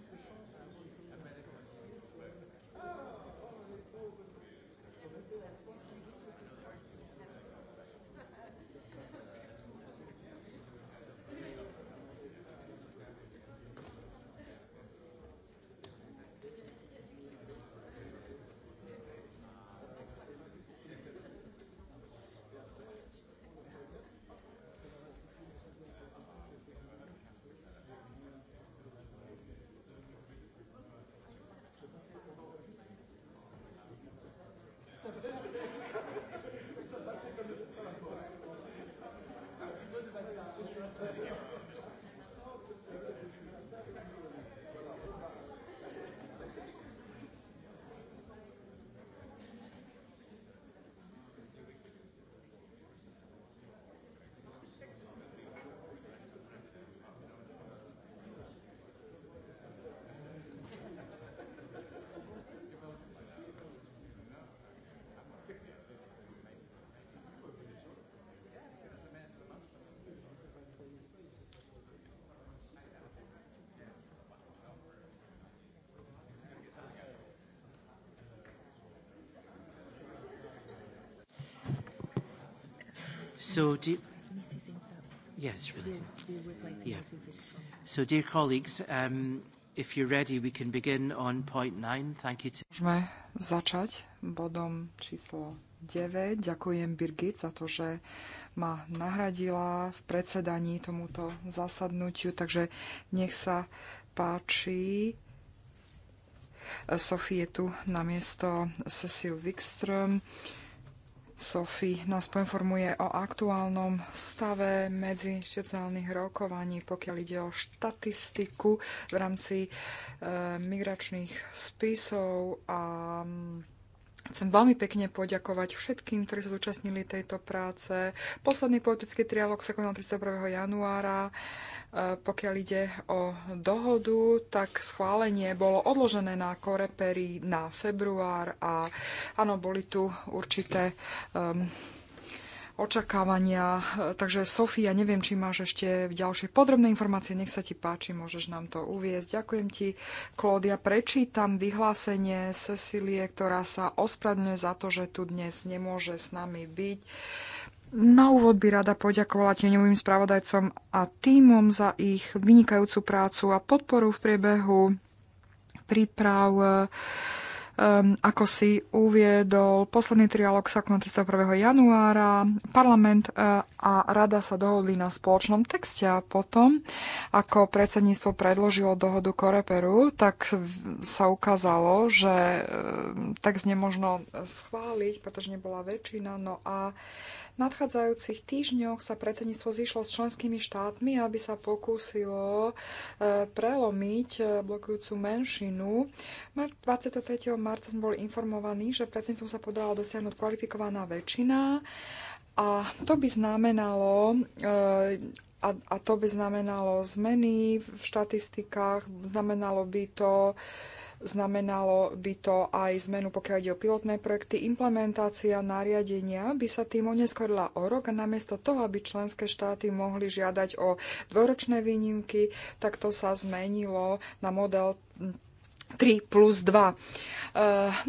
So, do, yes, So, dear colleagues, um, if you're ready, we can begin on point nine. Thank you. To... Môžeme začať bodom číslo 9. Ďakujem Birgit za to, že ma nahradila v predsedaní tomuto zasadnutiu, takže nech sa páči. Sofie je tu na miesto Cecil Wikström. Uh, Sofi nás poinformuje o aktuálnom stave medzi sociálnych rokovaní, pokiaľ ide o štatistiku v rámci e, migračných spisov a mm, Chcem veľmi pekne poďakovať všetkým, ktorí sa zúčastnili tejto práce. Posledný politický trialog sa konal 31. januára. E, pokiaľ ide o dohodu, tak schválenie bolo odložené na korepery na február a áno, boli tu určité um, očakávania. Takže Sofia, neviem, či máš ešte ďalšie podrobné informácie. Nech sa ti páči, môžeš nám to uviezť. Ďakujem ti, Klódia. Prečítam vyhlásenie Cecilie, ktorá sa ospravedlňuje za to, že tu dnes nemôže s nami byť. Na úvod by rada poďakovala tieňovým spravodajcom a týmom za ich vynikajúcu prácu a podporu v priebehu príprav Um, ako si uviedol, posledný trialog sa konal 31. januára. Parlament uh, a rada sa dohodli na spoločnom texte a potom, ako predsedníctvo predložilo dohodu Koreperu, tak sa ukázalo, že uh, text nemožno schváliť, pretože nebola väčšina. No a nadchádzajúcich týždňoch sa predsedníctvo zišlo s členskými štátmi, aby sa pokúsilo e, prelomiť e, blokujúcu menšinu. 23. marca sme boli informovaní, že predsedníctvo sa podala dosiahnuť kvalifikovaná väčšina a to by znamenalo e, a, a to by znamenalo zmeny v štatistikách, znamenalo by to uh, Znamenalo by to aj zmenu, pokiaľ ide o pilotné projekty. Implementácia nariadenia by sa tým oneskorila o rok a namiesto toho, aby členské štáty mohli žiadať o dvoročné výnimky, tak to sa zmenilo na model 3 plus 2. E,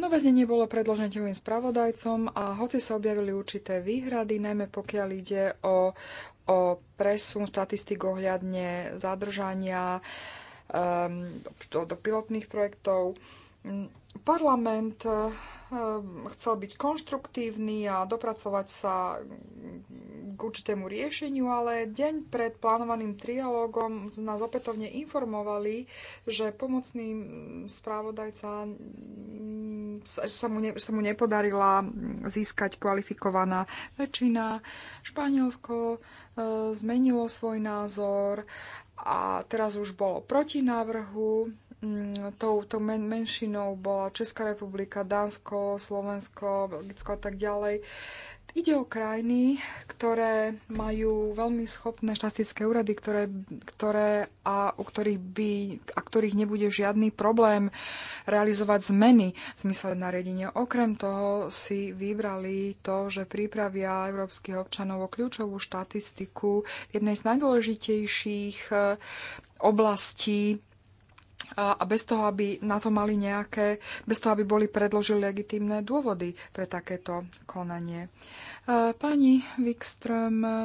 nové znenie bolo predložené spravodajcom a hoci sa objavili určité výhrady, najmä pokiaľ ide o, o presun štatistik ohľadne zadržania, Ehm, do, do pilotných projektov. Mm, parlament eh, ehm, chcel byť konštruktívny a dopracovať sa k určitému riešeniu, ale deň pred plánovaným trialógom nás opätovne informovali, že pomocný mm, správodajca mm, sa mu, ne, sa mu nepodarila získať kvalifikovaná väčšina. Španielsko e, zmenilo svoj názor a teraz už bolo proti návrhu, mm, tou, tou men, menšinou bola Česká republika, Dánsko, Slovensko, Belgicko a tak ďalej. Ide o krajiny, ktoré majú veľmi schopné štatistické úrady, ktoré, ktoré a u ktorých by, a ktorých nebude žiadny problém realizovať zmeny v zmysle nariadenia. Okrem toho si vybrali to, že pripravia európskych občanov o kľúčovú štatistiku jednej z najdôležitejších eh, oblastí a bez toho, aby na to mali nejaké, bez toho, aby boli predložili legitímne dôvody pre takéto konanie. E, pani Wikström e,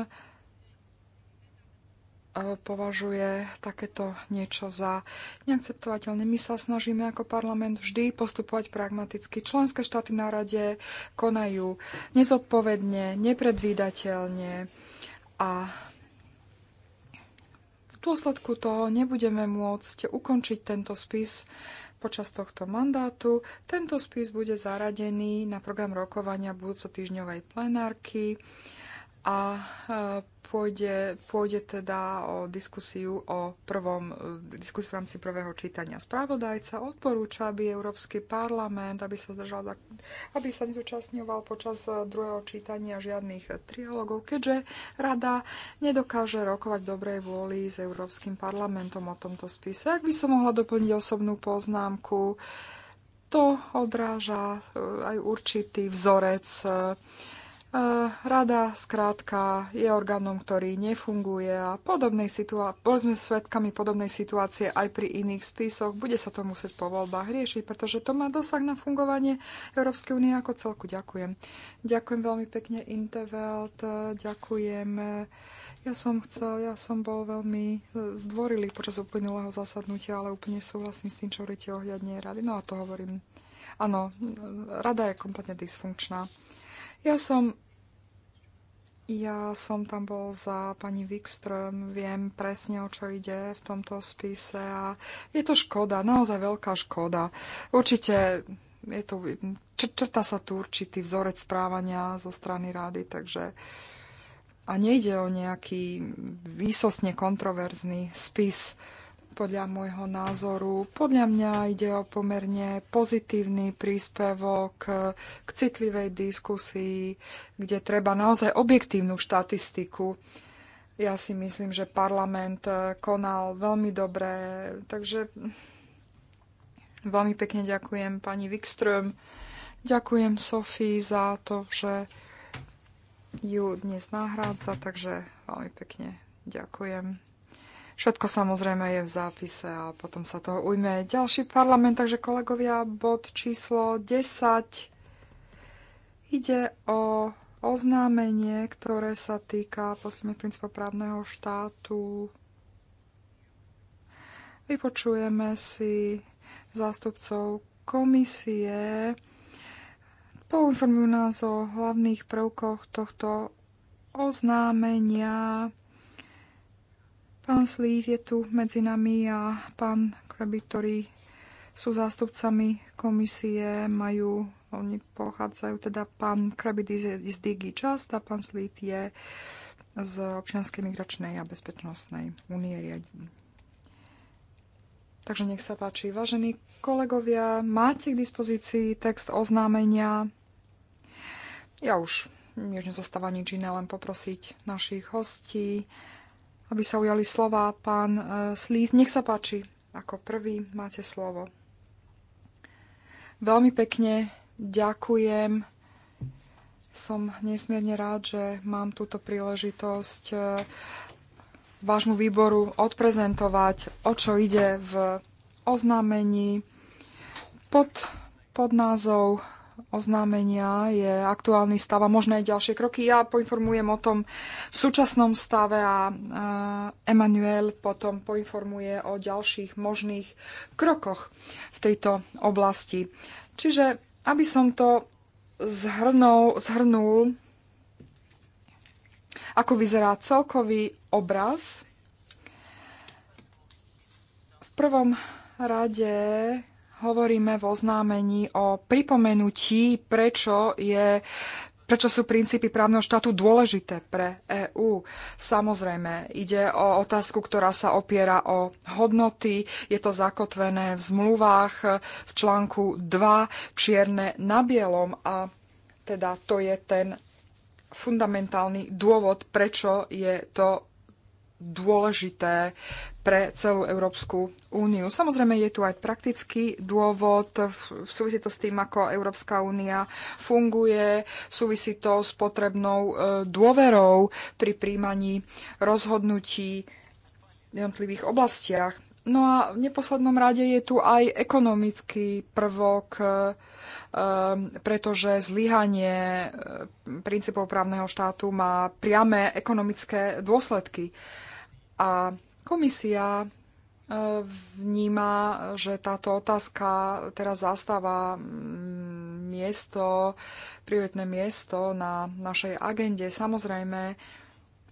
považuje takéto niečo za neakceptovateľné. My sa snažíme ako parlament vždy postupovať pragmaticky. Členské štáty na rade konajú nezodpovedne, nepredvídateľne a dôsledku toho nebudeme môcť ukončiť tento spis počas tohto mandátu. Tento spis bude zaradený na program rokovania budúco týždňovej plenárky a e, pôjde, pôjde teda o diskusiu o prvom, e, diskusiu v rámci prvého čítania. Správodajca odporúča, aby Európsky parlament, aby sa, zdržal, aby sa nezúčastňoval počas e, druhého čítania žiadnych trialogov, keďže rada nedokáže rokovať dobrej vôli s Európskym parlamentom o tomto spise. Ak by som mohla doplniť osobnú poznámku, to odráža aj určitý vzorec Rada skrátka je orgánom, ktorý nefunguje a podobnej boli sme svetkami podobnej situácie aj pri iných spisoch. Bude sa to musieť po voľbách riešiť, pretože to má dosah na fungovanie Európskej únie ako celku. Ďakujem. Ďakujem veľmi pekne Intervelt, ďakujem. Ja som, chcel, ja som bol veľmi e, zdvorilý počas uplynulého zasadnutia, ale úplne súhlasím s tým, čo hovoríte ohľadne rady. No a to hovorím. Áno, rada je kompletne dysfunkčná. Ja som ja som tam bol za pani Wikström, viem presne o čo ide v tomto spise a je to škoda, naozaj veľká škoda. Určite je to, črta sa tu určitý vzorec správania zo strany rády, takže a nejde o nejaký výsosne kontroverzný spis podľa môjho názoru. Podľa mňa ide o pomerne pozitívny príspevok k citlivej diskusii, kde treba naozaj objektívnu štatistiku. Ja si myslím, že parlament eh, konal veľmi dobre, takže veľmi pekne ďakujem pani Wikström. Ďakujem Sofii za to, že ju dnes nahrádza, takže veľmi pekne ďakujem. Všetko samozrejme je v zápise a potom sa toho ujme ďalší parlament. Takže kolegovia, bod číslo 10 ide o oznámenie, ktoré sa týka posledných princípov právneho štátu. Vypočujeme si zástupcov komisie. Poinformujú nás o hlavných prvkoch tohto oznámenia Pán Slív je tu medzi nami a pán Krabi, ktorí sú zástupcami komisie, majú, oni pochádzajú, teda pán Krabi z Digi Just a pán Slív je z občianskej migračnej a bezpečnostnej únie riadí. Takže nech sa páči, vážení kolegovia, máte k dispozícii text oznámenia. Ja už, nie nezostáva nič iné, len poprosiť našich hostí, aby sa ujali slova. Pán e, Slíth, nech sa páči, ako prvý máte slovo. Veľmi pekne ďakujem. Som nesmierne rád, že mám túto príležitosť e, vášmu výboru odprezentovať, o čo ide v oznámení pod, pod názov oznámenia je aktuálny stav a možné aj ďalšie kroky. Ja poinformujem o tom v súčasnom stave a eh, Emanuel potom poinformuje o ďalších možných krokoch v tejto oblasti. Čiže aby som to zhrnul, zhrnul ako vyzerá celkový obraz. V prvom rade hovoríme v oznámení o pripomenutí, prečo je Prečo sú princípy právneho štátu dôležité pre EÚ? Samozrejme, ide o otázku, ktorá sa opiera o hodnoty. Je to zakotvené v zmluvách v článku 2 čierne na bielom a teda to je ten fundamentálny dôvod, prečo je to dôležité pre celú Európsku úniu. Samozrejme, je tu aj praktický dôvod, súvisí to s tým, ako Európska únia funguje, súvisí to s potrebnou e, dôverou pri príjmaní rozhodnutí v jednotlivých oblastiach. No a v neposlednom rade je tu aj ekonomický prvok, e, e, pretože zlyhanie princípov právneho štátu má priame ekonomické dôsledky. A komisia e, vníma, že táto otázka teraz zastáva mm, miesto, prioritné miesto na našej agende. Samozrejme,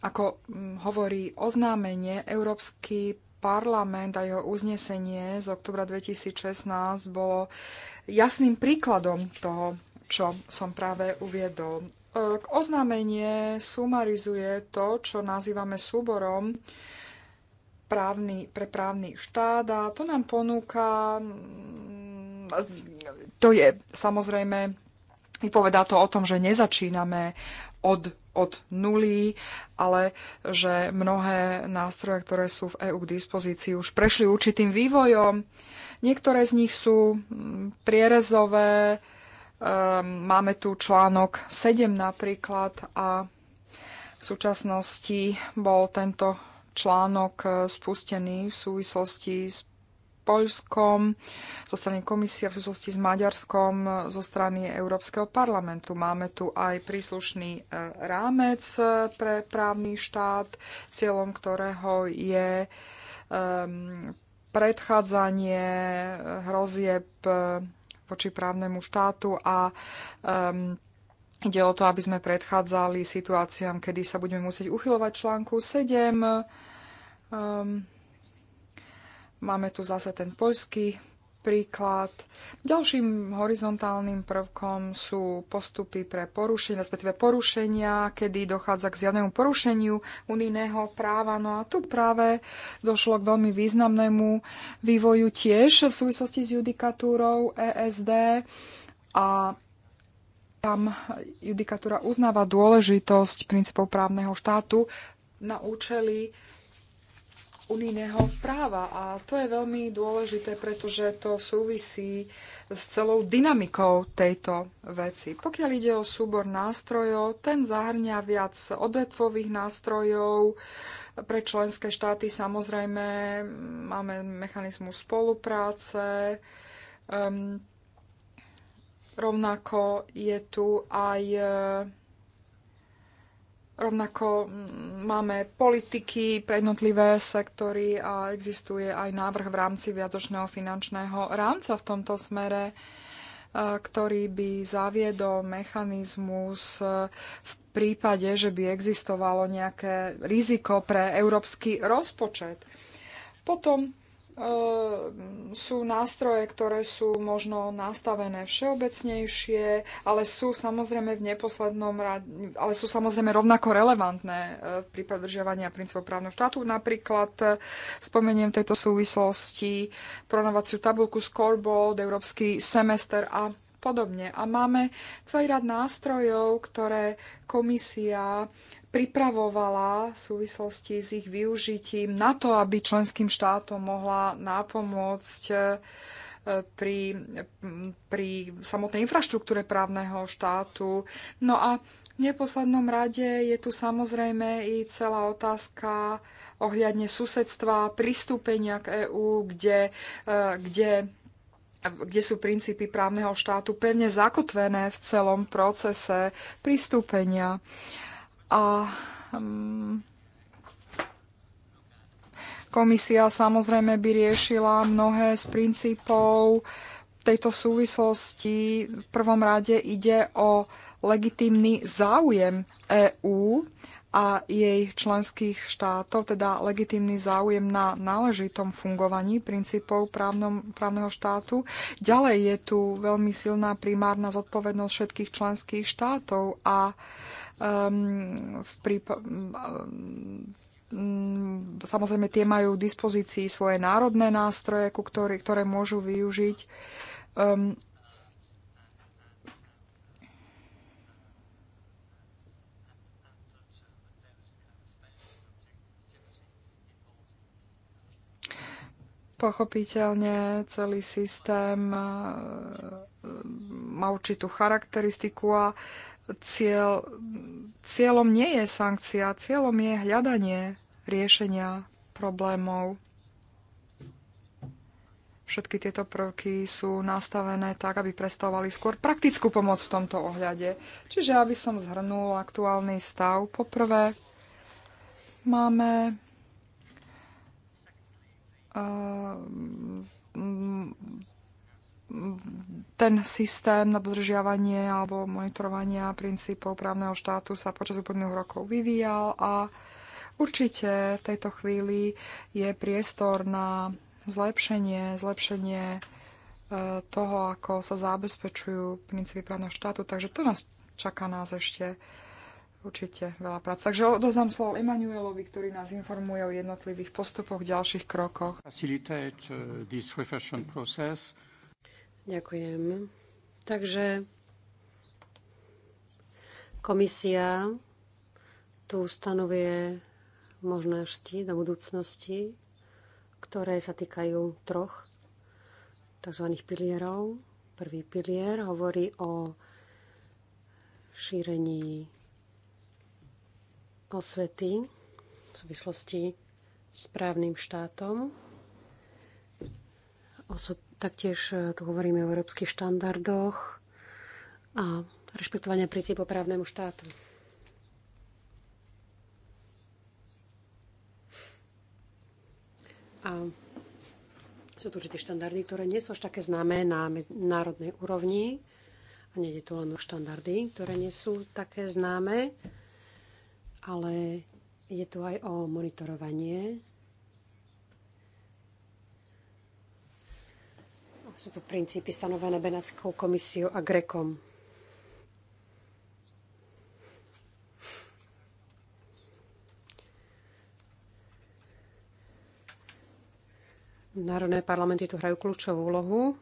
ako mm, hovorí oznámenie, Európsky parlament a jeho uznesenie z oktobra 2016 bolo jasným príkladom toho, čo som práve uviedol. E, oznámenie sumarizuje to, čo nazývame súborom právny, pre právny štát a to nám ponúka, mm, to je samozrejme, vypovedá to o tom, že nezačíname od od nuly, ale že mnohé nástroje, ktoré sú v EÚ k dispozícii, už prešli určitým vývojom. Niektoré z nich sú mm, prierezové, ehm, máme tu článok 7 napríklad a v súčasnosti bol tento článok eh, spustený v súvislosti s Poľskom, zo strany komisia v súvislosti s Maďarskom, eh, zo strany Európskeho parlamentu. Máme tu aj príslušný eh, rámec pre právny štát, cieľom ktorého je um, predchádzanie hrozieb voči právnemu štátu a um, Ide o to, aby sme predchádzali situáciám, kedy sa budeme musieť uchylovať článku 7. Um, ehm, máme tu zase ten poľský príklad. Ďalším horizontálnym prvkom sú postupy pre porušenie, respektíve porušenia, kedy dochádza k zjavnému porušeniu unijného práva. No a tu práve došlo k veľmi významnému vývoju tiež v súvislosti s judikatúrou ESD a tam judikatúra uznáva dôležitosť princípov právneho štátu na účely unijného práva. A to je veľmi dôležité, pretože to súvisí s celou dynamikou tejto veci. Pokiaľ ide o súbor nástrojov, ten zahrňa viac odvetvových nástrojov, pre členské štáty samozrejme máme mechanizmus spolupráce, um, Rovnako je tu aj e, Rovnako máme politiky pre jednotlivé sektory a existuje aj návrh v rámci viacočného finančného rámca v tomto smere, e, ktorý by zaviedol mechanizmus e, v prípade, že by existovalo nejaké riziko pre európsky rozpočet. Potom Ehm, sú nástroje, ktoré sú možno nastavené všeobecnejšie, ale sú samozrejme v neposlednom rade, ale sú samozrejme rovnako relevantné eh, v prípade držiavania princípov právneho štátu. Napríklad eh, spomeniem v tejto súvislosti pronovaciu tabulku scoreboard, európsky semester a podobne. A máme celý rad nástrojov, ktoré komisia pripravovala v súvislosti s ich využitím na to, aby členským štátom mohla nápomôcť e, pri, pri samotnej infraštruktúre právneho štátu. No a v neposlednom rade je tu samozrejme i celá otázka ohľadne susedstva, pristúpenia k EÚ, kde, e, kde kde sú princípy právneho štátu pevne zakotvené v celom procese pristúpenia. A mm, komisia samozrejme by riešila mnohé z princípov tejto súvislosti. V prvom rade ide o legitímny záujem EÚ a jej členských štátov, teda legitímny záujem na náležitom fungovaní princípov právnom, právneho štátu. Ďalej je tu veľmi silná primárna zodpovednosť všetkých členských štátov a um, v prípa- um, mm, ehm, Samozrejme, tie majú v dispozícii svoje národné nástroje, ku ktorý, ktoré môžu využiť. Um, pochopiteľne celý systém má určitú charakteristiku a cieľ, cieľom nie je sankcia, cieľom je hľadanie riešenia problémov. Všetky tieto prvky sú nastavené tak, aby predstavovali skôr praktickú pomoc v tomto ohľade. Čiže aby som zhrnul aktuálny stav. Poprvé máme uh, ten systém na dodržiavanie alebo monitorovania princípov právneho štátu sa počas úplných rokov vyvíjal a určite v tejto chvíli je priestor na zlepšenie, zlepšenie e, toho, ako sa zabezpečujú princípy právneho štátu. Takže to nás čaká nás ešte určite veľa práce. Takže odoznám slovo Emanuelovi, ktorý nás informuje o jednotlivých postupoch, ďalších krokoch. Facilitate uh, this process Ďakujem. Takže komisia tu stanovuje možnosti do budúcnosti, ktoré sa týkajú troch tzv. pilierov. Prvý pilier hovorí o šírení osvety v súvislosti s právnym štátom, Taktiež e, tu hovoríme o európskych štandardoch a rešpektovanie princípov právnemu štátu. A sú tu určité štandardy, ktoré nie sú až také známe na národnej úrovni. A nie je tu len o štandardy, ktoré nie sú také známe, ale je tu aj o monitorovanie sú to princípy stanovené Benátskou komisiou a Grekom. Národné parlamenty tu hrajú kľúčovú úlohu.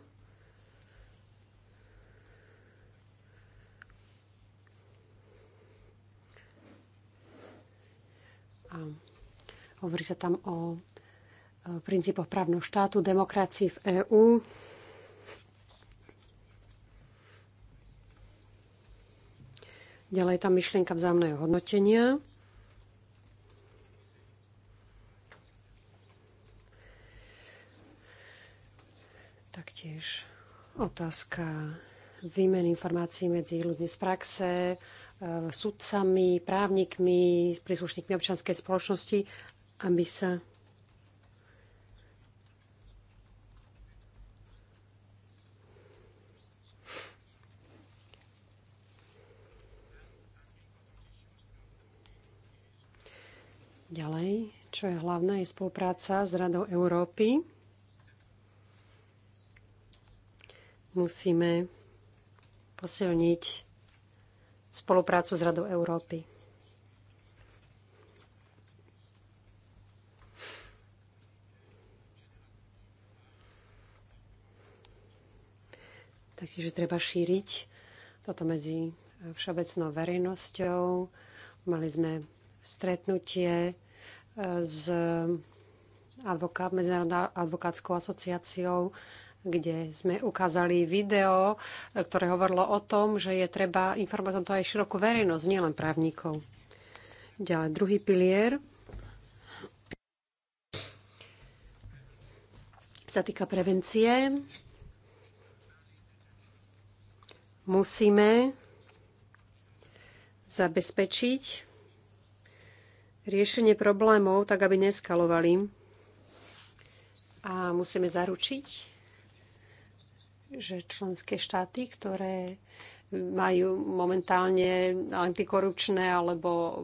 A hovorí sa tam o e, princípoch právneho štátu, demokracii v EÚ. Ďalej tá myšlienka vzájomného hodnotenia. Taktiež otázka výmeny informácií medzi ľuďmi z praxe, e, sudcami, právnikmi, príslušníkmi občianskej spoločnosti, aby sa čo je hlavné, je spolupráca s Radou Európy. Musíme posilniť spoluprácu s Radou Európy. Takže treba šíriť toto medzi všeobecnou verejnosťou. Mali sme stretnutie s advokát, Medzinárodnou advokátskou asociáciou, kde sme ukázali video, ktoré hovorilo o tom, že je treba informovať o to aj širokú verejnosť, nielen právnikov. Ďalej, druhý pilier sa týka prevencie. Musíme zabezpečiť riešenie problémov tak, aby neskalovali. A musíme zaručiť, že členské štáty, ktoré majú momentálne antikorupčné alebo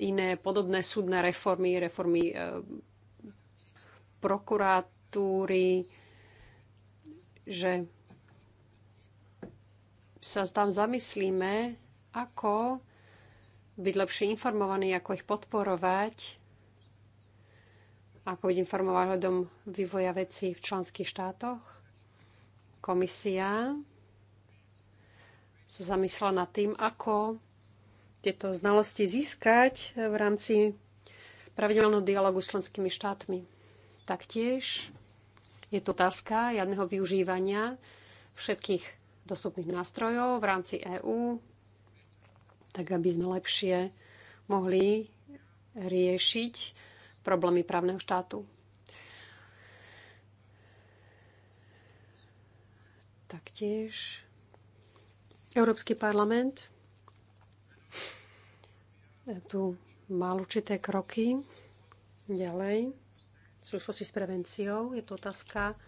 iné podobné súdne reformy, reformy e, prokuratúry, že sa tam zamyslíme, ako byť lepšie informovaní, ako ich podporovať, ako byť informovaní hľadom vývoja vecí v členských štátoch. Komisia sa zamyslela nad tým, ako tieto znalosti získať v rámci pravidelného dialogu s členskými štátmi. Taktiež je to otázka jadného využívania všetkých dostupných nástrojov v rámci EÚ, tak aby sme lepšie mohli riešiť problémy právneho štátu. Taktiež Európsky parlament tu mal určité kroky ďalej v súvislosti s prevenciou. Je to otázka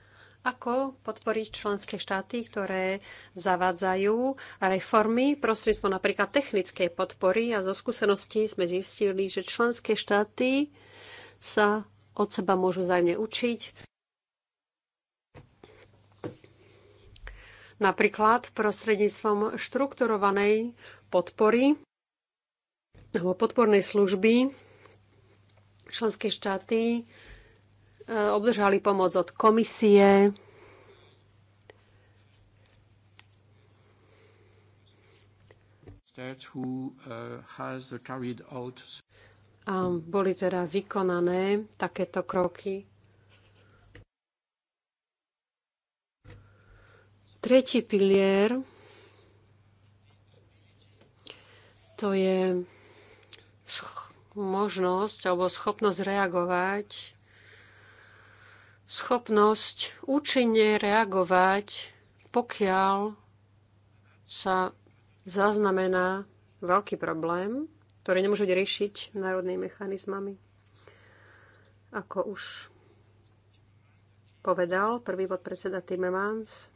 ako podporiť členské štáty, ktoré zavádzajú reformy prostredstvom napríklad technickej podpory a zo skúseností sme zistili, že členské štáty sa od seba môžu zájme učiť. Napríklad prostredníctvom štrukturovanej podpory alebo podpornej služby členské štáty Eh, obdržali pomoc od komisie. Eh, A boli teda vykonané takéto kroky. Tretí pilier to je možnosť alebo schopnosť reagovať schopnosť účinne reagovať, pokiaľ sa zaznamená veľký problém, ktorý nemôžu riešiť národnými mechanizmami. Ako už povedal prvý podpredseda Timmermans,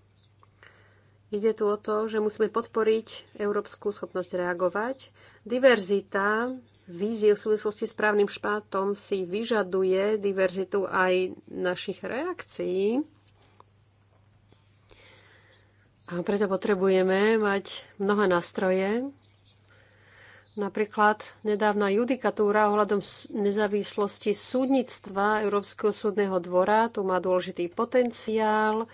ide tu o to, že musíme podporiť európsku schopnosť reagovať. Diverzita vízie v súvislosti s právnym špátom si vyžaduje diverzitu aj našich reakcií. A preto potrebujeme mať mnohé nástroje. Napríklad nedávna judikatúra ohľadom nezávislosti súdnictva Európskeho súdneho dvora. Tu má dôležitý potenciál.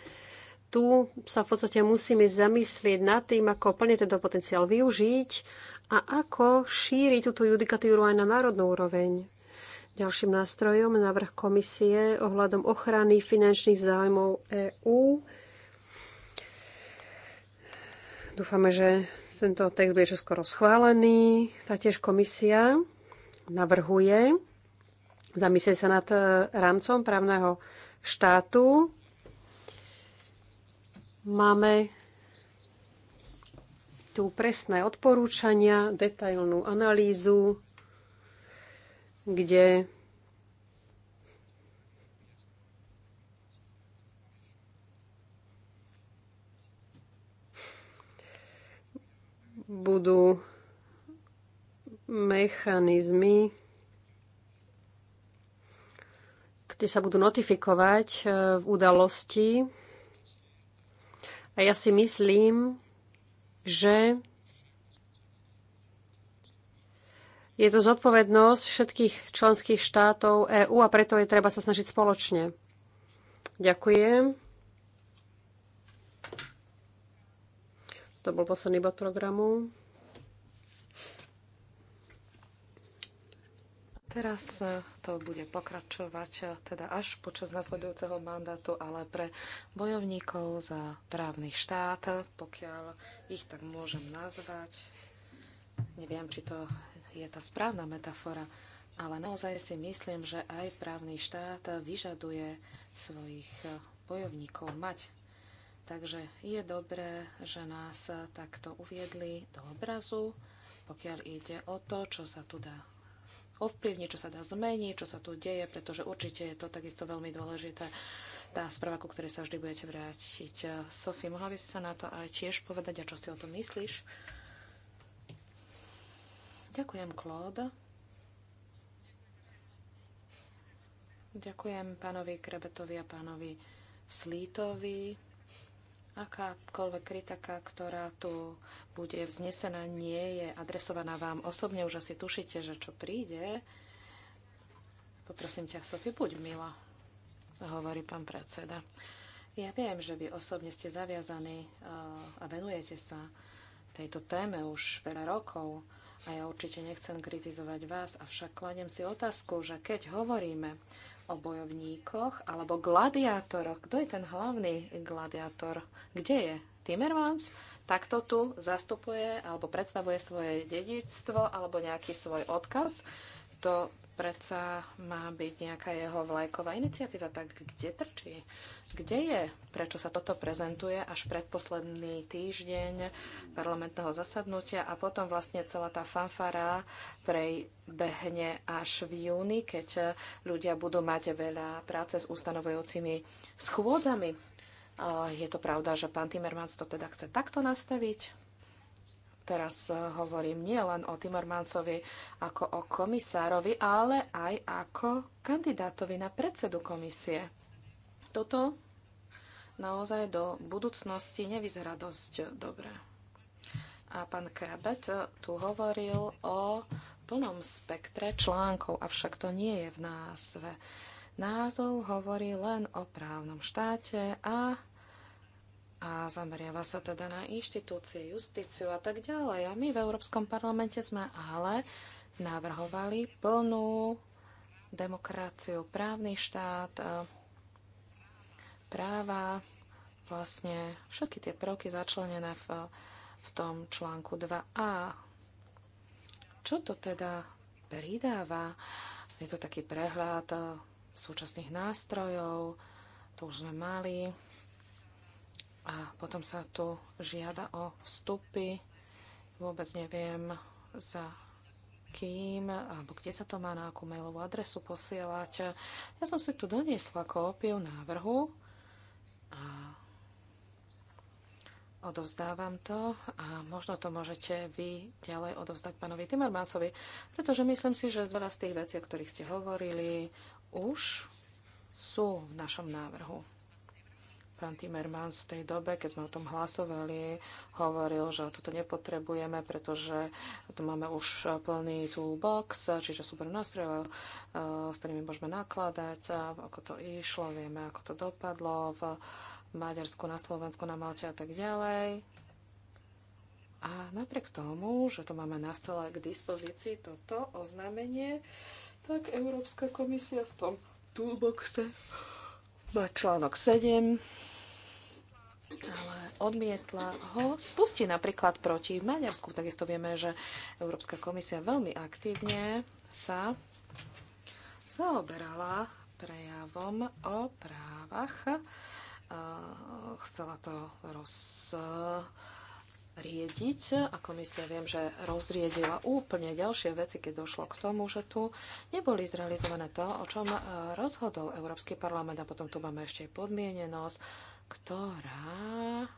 Tu sa v podstate musíme zamyslieť nad tým, ako plne tento potenciál využiť a ako šíri túto judikatúru aj na národnú úroveň. Ďalším nástrojom návrh komisie ohľadom ochrany finančných zájmov EÚ. Dúfame, že tento text bude skoro schválený. Taktiež komisia navrhuje zamyslieť sa nad e, rámcom právneho štátu. Máme tu presné odporúčania, detailnú analýzu, kde budú mechanizmy, kde sa budú notifikovať eh, v udalosti. A ja si myslím, že je to zodpovednosť všetkých členských štátov EÚ a preto je treba sa snažiť spoločne. Ďakujem. To bol posledný bod programu. Teraz e, to bude pokračovať e, teda až počas nasledujúceho mandátu, ale pre bojovníkov za právny štát, pokiaľ ich tak môžem nazvať, neviem, či to je tá správna metafora, ale naozaj si myslím, že aj právny štát vyžaduje svojich e, bojovníkov mať. Takže je dobré, že nás takto uviedli do obrazu, pokiaľ ide o to, čo sa tu dá ovplyvniť, čo sa dá zmeniť, čo sa tu deje, pretože určite je to takisto veľmi dôležité tá správa, ku ktorej sa vždy budete vrátiť. Sofie, mohla by si sa na to aj tiež povedať a čo si o tom myslíš? Ďakujem, Claude. Ďakujem pánovi Krebetovi a pánovi Slítovi Akákoľvek kritika, ktorá tu bude vznesená, nie je adresovaná vám osobne. Už asi tušíte, že čo príde. Poprosím ťa, Sofie, buď milá, hovorí pán predseda. Ja viem, že vy osobne ste zaviazaní eh, a venujete sa tejto téme už veľa rokov a ja určite nechcem kritizovať vás, avšak kladem si otázku, že keď hovoríme o bojovníkoch alebo gladiátoroch. Kto je ten hlavný gladiátor? Kde je? Timmermans? Takto tu zastupuje alebo predstavuje svoje dedičstvo alebo nejaký svoj odkaz. To predsa má byť nejaká jeho vlajková iniciatíva, tak kde trčí? Kde je? Prečo sa toto prezentuje až predposledný týždeň parlamentného zasadnutia a potom vlastne celá tá fanfara prebehne až v júni, keď ľudia budú mať veľa práce s ustanovujúcimi schôdzami. Je to pravda, že pán Timmermans to teda chce takto nastaviť? Teraz eh, hovorím nie len o Timormancovi ako o komisárovi, ale aj ako kandidátovi na predsedu komisie. Toto naozaj do budúcnosti nevyzerá dosť dobre. A pán Krabet eh, tu hovoril o plnom spektre článkov, avšak to nie je v názve. Názov hovorí len o právnom štáte a a zameriava sa teda na inštitúcie, justíciu a tak ďalej. A my v Európskom parlamente sme ale navrhovali plnú demokraciu, právny štát, e, práva, vlastne všetky tie prvky začlenené v, v tom článku 2a. Čo to teda pridáva? Je to taký prehľad e, súčasných nástrojov, to už sme mali a potom sa tu žiada o vstupy. Vôbec neviem, za kým alebo kde sa to má na akú mailovú adresu posielať. Ja som si tu doniesla kópiu návrhu a odovzdávam to a možno to môžete vy ďalej odovzdať pánovi Timmermansovi, pretože myslím si, že z veľa z tých vecí, o ktorých ste hovorili, už sú v našom návrhu pán Timmermans v tej dobe, keď sme o tom hlasovali, hovoril, že toto nepotrebujeme, pretože tu máme už plný toolbox, čiže super nástrojov, eh, s ktorými môžeme nakladať, ako to išlo, vieme, ako to dopadlo v Maďarsku, na Slovensku, na Malte a tak ďalej. A napriek tomu, že to máme na stole k dispozícii, toto oznámenie, tak Európska komisia v tom toolboxe má článok 7, ale odmietla ho spustiť napríklad proti Maďarsku. Takisto vieme, že Európska komisia veľmi aktívne sa zaoberala prejavom o právach. Chcela to rozriediť a komisia viem, že rozriedila úplne ďalšie veci, keď došlo k tomu, že tu neboli zrealizované to, o čom e, rozhodol Európsky parlament a potom tu máme ešte podmienenosť ktorá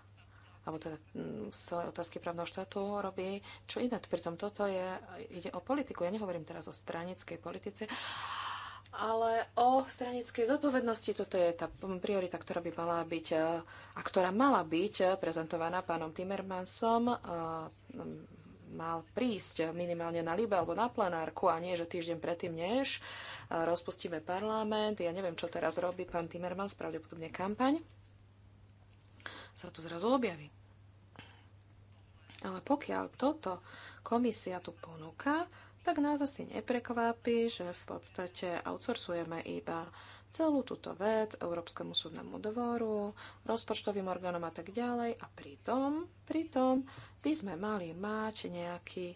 alebo teda z mm, celé otázky právneho štátu robí čo iné. Pritom toto je, ide o politiku. Ja nehovorím teraz o stranickej politice, ale o stranickej zodpovednosti. Toto je tá priorita, ktorá by mala byť e, a ktorá mala byť e, prezentovaná pánom Timmermansom e, mal prísť minimálne na Libe alebo na plenárku a nie, že týždeň predtým než rozpustíme parlament. Ja neviem, čo teraz robí pán Timmermans, pravdepodobne kampaň sa to zrazu objaví. Ale pokiaľ toto komisia tu ponúka, tak nás asi neprekvápi, že v podstate outsourcujeme iba celú túto vec Európskemu súdnemu dvoru, rozpočtovým orgánom a tak ďalej a pritom, pritom by sme mali mať nejaký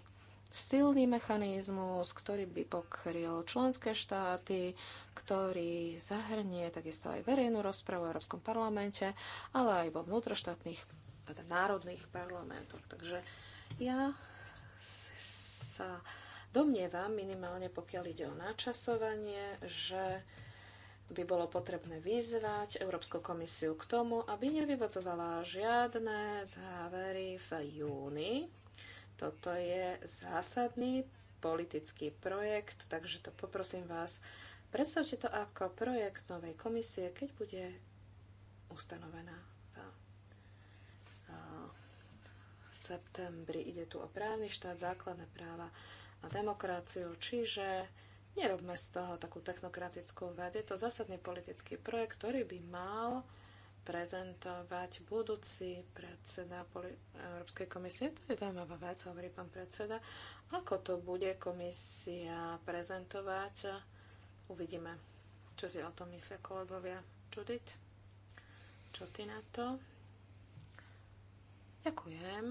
silný mechanizmus, ktorý by pokryl členské štáty, ktorý zahrnie takisto aj verejnú rozpravu v Európskom parlamente, ale aj vo vnútroštátnych, teda národných parlamentoch. Takže ja sa domnievam, minimálne pokiaľ ide o načasovanie, že by bolo potrebné vyzvať Európsku komisiu k tomu, aby nevyvodzovala žiadne závery v júni toto je zásadný politický projekt, takže to poprosím vás, predstavte to ako projekt novej komisie, keď bude ustanovená v eh, septembri. Ide tu o právny štát, základné práva a demokraciu, čiže nerobme z toho takú technokratickú vec. Je to zásadný politický projekt, ktorý by mal prezentovať budúci predseda Európskej komisie. To je zaujímavá vec, hovorí pán predseda. Ako to bude komisia prezentovať, uvidíme, čo si o tom myslia kolegovia. Judith, čo ty na to? Ďakujem.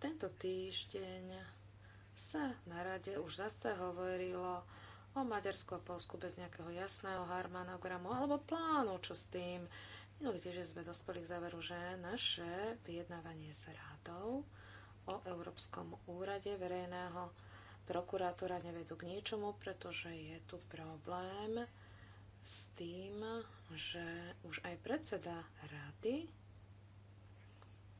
Tento týždeň sa na rade už zase hovorilo o Maďarsku a Polsku bez nejakého jasného harmonogramu alebo plánu, čo s tým. Minulý týždeň sme dospeli k záveru, že naše vyjednávanie s rádou o Európskom úrade verejného prokurátora nevedú k ničomu, pretože je tu problém s tým, že už aj predseda rady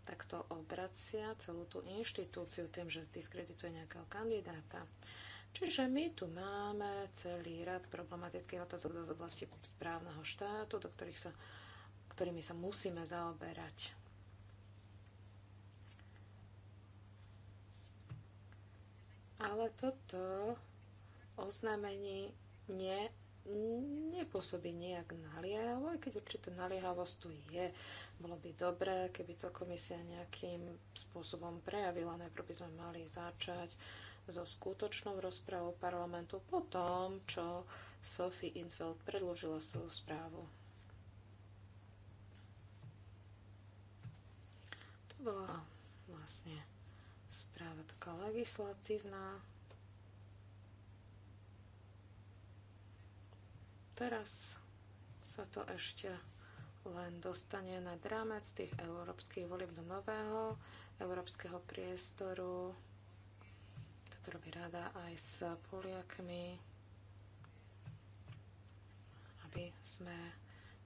takto obracia celú tú inštitúciu tým, že zdiskredituje nejakého kandidáta. Čiže my tu máme celý rad problematických otázok z oblasti správneho štátu, do ktorých sa, ktorými sa musíme zaoberať. Ale toto oznámenie nie, nepôsobí nejak naliehavo, aj keď určitá naliehavosť tu je. Bolo by dobré, keby to komisia nejakým spôsobom prejavila. Najprv by sme mali začať uh, so skutočnou rozprávou parlamentu po tom, čo Sophie Infeld predložila svoju správu. To bola vlastne správa taká legislatívna. Teraz sa to ešte len dostane na drámec tých európskych volieb do nového európskeho priestoru to robí rada aj s Poliakmi, aby sme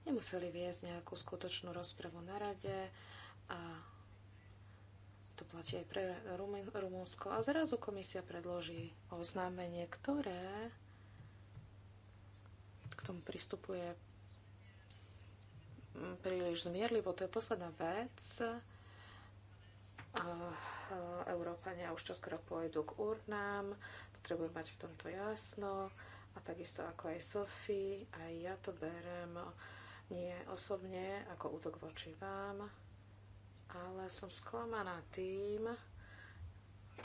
nemuseli viesť nejakú skutočnú rozpravu na rade a to platí aj pre Rumunsko. A zrazu komisia predloží oznámenie, ktoré k tomu pristupuje príliš zmierlivo. To je posledná vec, Európania už čoskoro pôjdu k urnám, potrebujú mať v tomto jasno a takisto ako aj Sofie, aj ja to berem nie osobne ako útok voči vám, ale som sklamaná tým,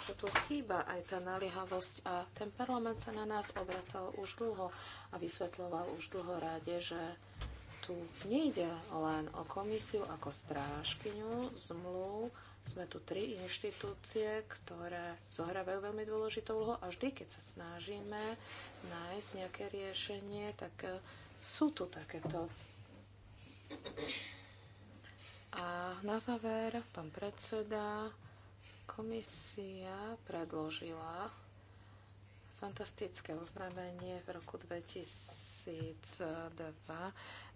že tu chýba aj tá naliehavosť a ten parlament sa na nás obracal už dlho a vysvetľoval už dlho ráde, že tu nejde len o komisiu ako strážkyňu zmluv, sme tu tri inštitúcie, ktoré zohrávajú veľmi dôležitú úlohu a vždy, keď sa snažíme nájsť nejaké riešenie, tak e, sú tu takéto. A na záver, pán predseda, komisia predložila fantastické oznámenie v roku 2002,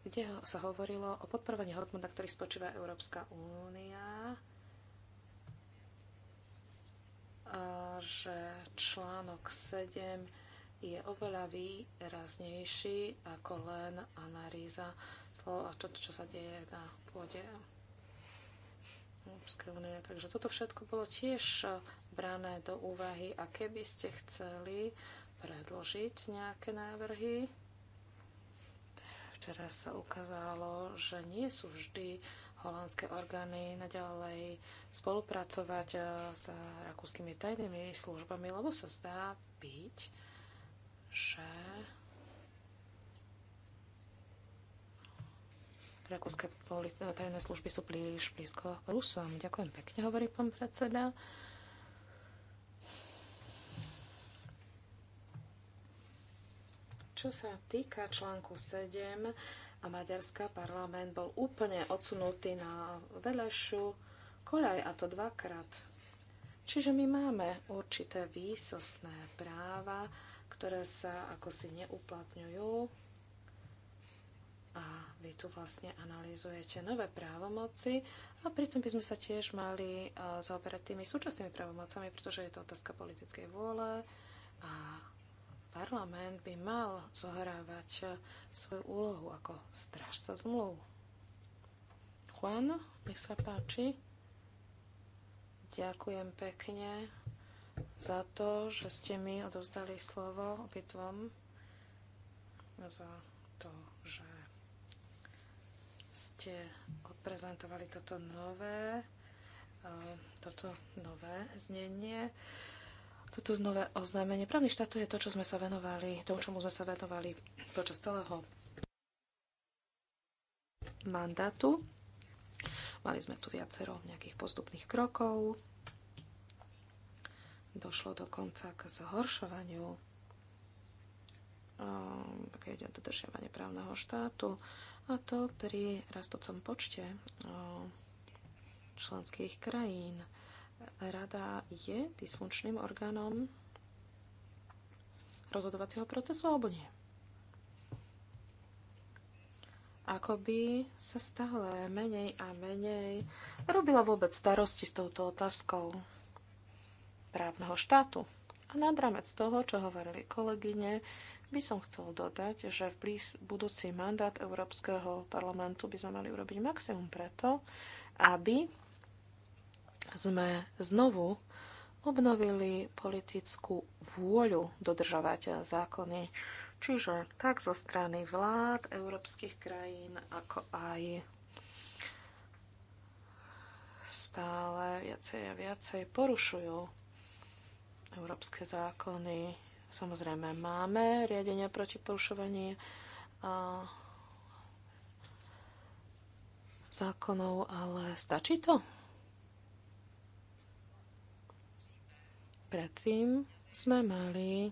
kde sa hovorilo o podporovaní hodnot, na ktorých spočíva Európska únia že článok 7 je oveľa výraznejší ako len analýza slov a čo, čo sa deje na pôde Európskej únie. Takže toto všetko bolo tiež brané do úvahy a keby ste chceli predložiť nejaké návrhy, včera sa ukázalo, že nie sú vždy uh, holandské orgány naďalej spolupracovať eh, s rakúskymi tajnými službami, lebo sa zdá byť, že rakúske tajné služby sú príliš blízko Rusom. Ďakujem pekne, hovorí pán predseda. Čo sa týka článku 7, a Maďarska parlament bol úplne odsunutý na veľašiu koľaj a to dvakrát. Čiže my máme určité výsosné práva, ktoré sa ako si neuplatňujú a vy tu vlastne analýzujete nové právomoci a pritom by sme sa tiež mali eh, zaoberať tými súčasnými právomocami, pretože je to otázka politickej vôle a parlament by mal zohrávať eh, svoju úlohu ako strážca zmluv. Juan, nech sa páči. Ďakujem pekne za to, že ste mi odovzdali slovo obidvom za to, že ste odprezentovali toto nové, eh, toto nové znenie toto znové oznámenie. Právny štát to je to, čo sme sa venovali, tomu, čomu sme sa venovali počas celého mandátu. Mali sme tu viacero nejakých postupných krokov. Došlo dokonca k zhoršovaniu pokiaľ ehm, ide o dodržiavanie právneho štátu, a to pri rastúcom počte ehm, členských krajín rada je dysfunkčným orgánom rozhodovacieho procesu alebo nie. Ako by sa stále menej a menej robila vôbec starosti s touto otázkou právneho štátu. A nad rámec toho, čo hovorili kolegyne, by som chcel dodať, že v budúci mandát Európskeho parlamentu by sme mali urobiť maximum preto, aby sme znovu obnovili politickú vôľu dodržovať zákony. Čiže tak zo strany vlád európskych krajín, ako aj stále viacej a viacej porušujú európske zákony. Samozrejme, máme riadenia proti porušovaní zákonov, ale stačí to? Predtým sme mali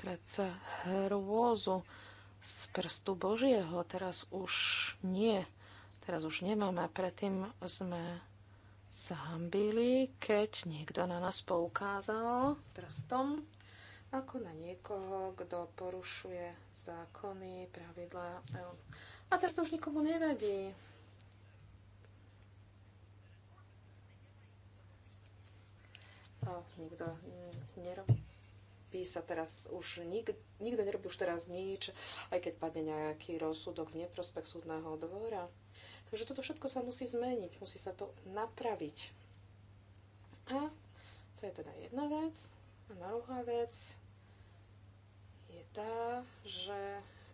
predsa hrôzu z prstu Božieho. Teraz už nie. Teraz už nemáme. Predtým sme sa hambili, keď niekto na nás poukázal prstom ako na niekoho, kto porušuje zákony, pravidlá. A teraz to už nikomu nevadí. Nikto nerobí sa teraz už nik, nikto nerobí už teraz nič, aj keď padne nejaký rozsudok v neprospech súdneho dvora. Takže toto všetko sa musí zmeniť, musí sa to napraviť. A to je teda jedna vec. A druhá vec je tá, že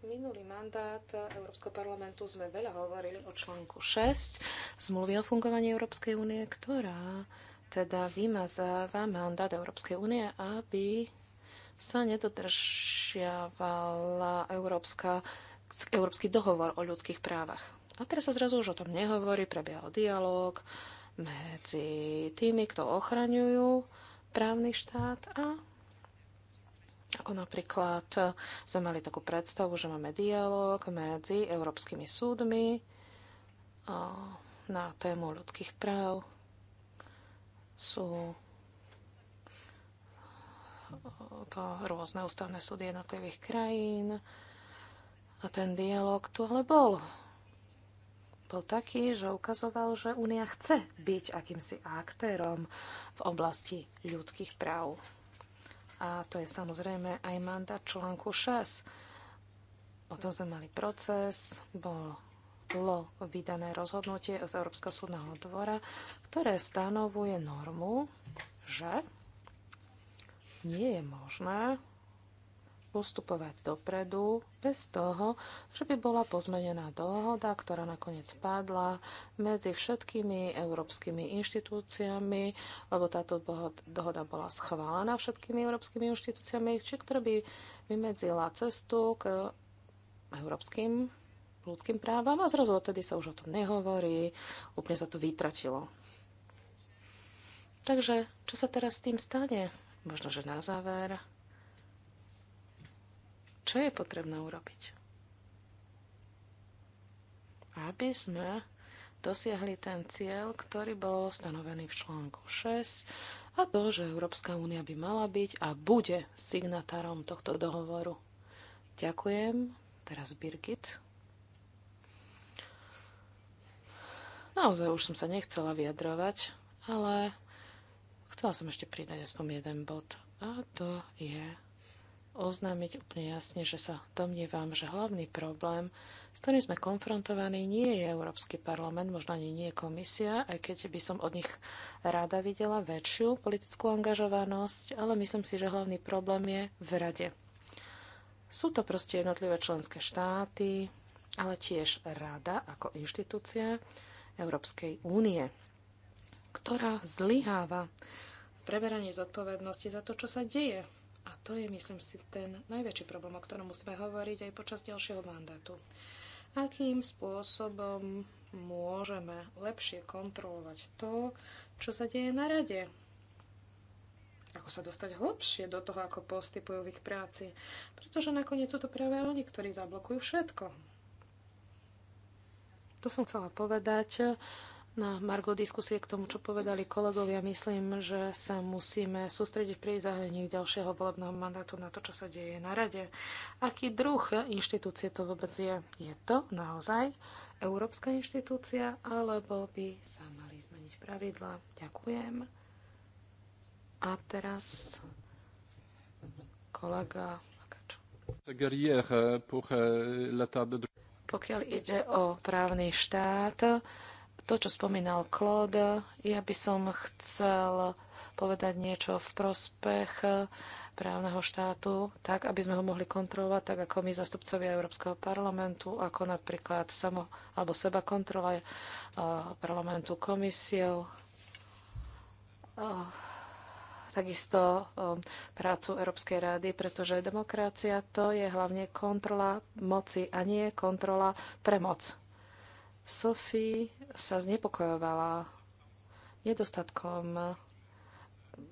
minulý mandát Európskeho parlamentu sme veľa hovorili o článku 6 zmluvy o fungovaní Európskej únie, ktorá teda vymazáva mandát Európskej únie, aby sa nedodržiavala Európska, Európsky dohovor o ľudských právach. A teraz sa zrazu už o tom nehovorí, prebiehal dialog medzi tými, kto ochraňujú právny štát a ako napríklad sme mali takú predstavu, že máme dialog medzi európskymi súdmi na tému ľudských práv sú eh, to rôzne ústavné súdy jednotlivých krajín a ten dialog tu ale bol. Bol taký, že ukazoval, že Únia chce byť akýmsi aktérom v oblasti ľudských práv. A to je samozrejme aj mandát článku 6. O tom sme mali proces, bol bolo vydané rozhodnutie z Európskeho súdneho dvora, ktoré stanovuje normu, že nie je možné postupovať dopredu bez toho, že by bola pozmenená dohoda, ktorá nakoniec padla medzi všetkými európskymi inštitúciami, lebo táto dohoda bola schválená všetkými európskymi inštitúciami, či ktorá by vymedzila cestu k európskym ľudským právam a zrazu odtedy sa už o tom nehovorí, úplne sa to vytratilo. Takže, čo sa teraz s tým stane? Možno, že na záver. Čo je potrebné urobiť? Aby sme dosiahli ten cieľ, ktorý bol stanovený v článku 6 a to, že Európska únia by mala byť a bude signatárom tohto dohovoru. Ďakujem. Teraz Birgit. Naozaj už som sa nechcela vyjadrovať, ale chcela som ešte pridať aspoň jeden bod. A to je oznámiť úplne jasne, že sa domnievam, že hlavný problém, s ktorým sme konfrontovaní, nie je Európsky parlament, možno ani nie komisia, aj keď by som od nich rada videla väčšiu politickú angažovanosť, ale myslím si, že hlavný problém je v rade. Sú to proste jednotlivé členské štáty, ale tiež rada ako inštitúcia, Európskej únie, ktorá zlyháva preberanie zodpovednosti za to, čo sa deje. A to je, myslím si, ten najväčší problém, o ktorom musíme hovoriť aj počas ďalšieho mandátu. Akým spôsobom môžeme lepšie kontrolovať to, čo sa deje na rade, ako sa dostať hlbšie do toho, ako postupujú v ich práci. Pretože nakoniec sú to práve oni, ktorí zablokujú všetko. To som chcela povedať. Na Margo diskusie k tomu, čo povedali kolegovia, myslím, že sa musíme sústrediť pri zahájení ďalšieho volebného mandátu na to, čo sa deje na rade. Aký druh inštitúcie to vôbec je? Je to naozaj európska inštitúcia, alebo by sa mali zmeniť pravidla? Ďakujem. A teraz kolega Lakačo. Pokiaľ ide o právny štát, to, čo spomínal Claude, ja by som chcel povedať niečo v prospech právneho štátu, tak aby sme ho mohli kontrolovať, tak ako my zastupcovia Európskeho parlamentu, ako napríklad samo alebo seba kontrola eh, parlamentu komisiou. Eh, takisto um, prácu Európskej rady, pretože demokracia to je hlavne kontrola moci a nie kontrola pre moc. Sophie sa znepokojovala nedostatkom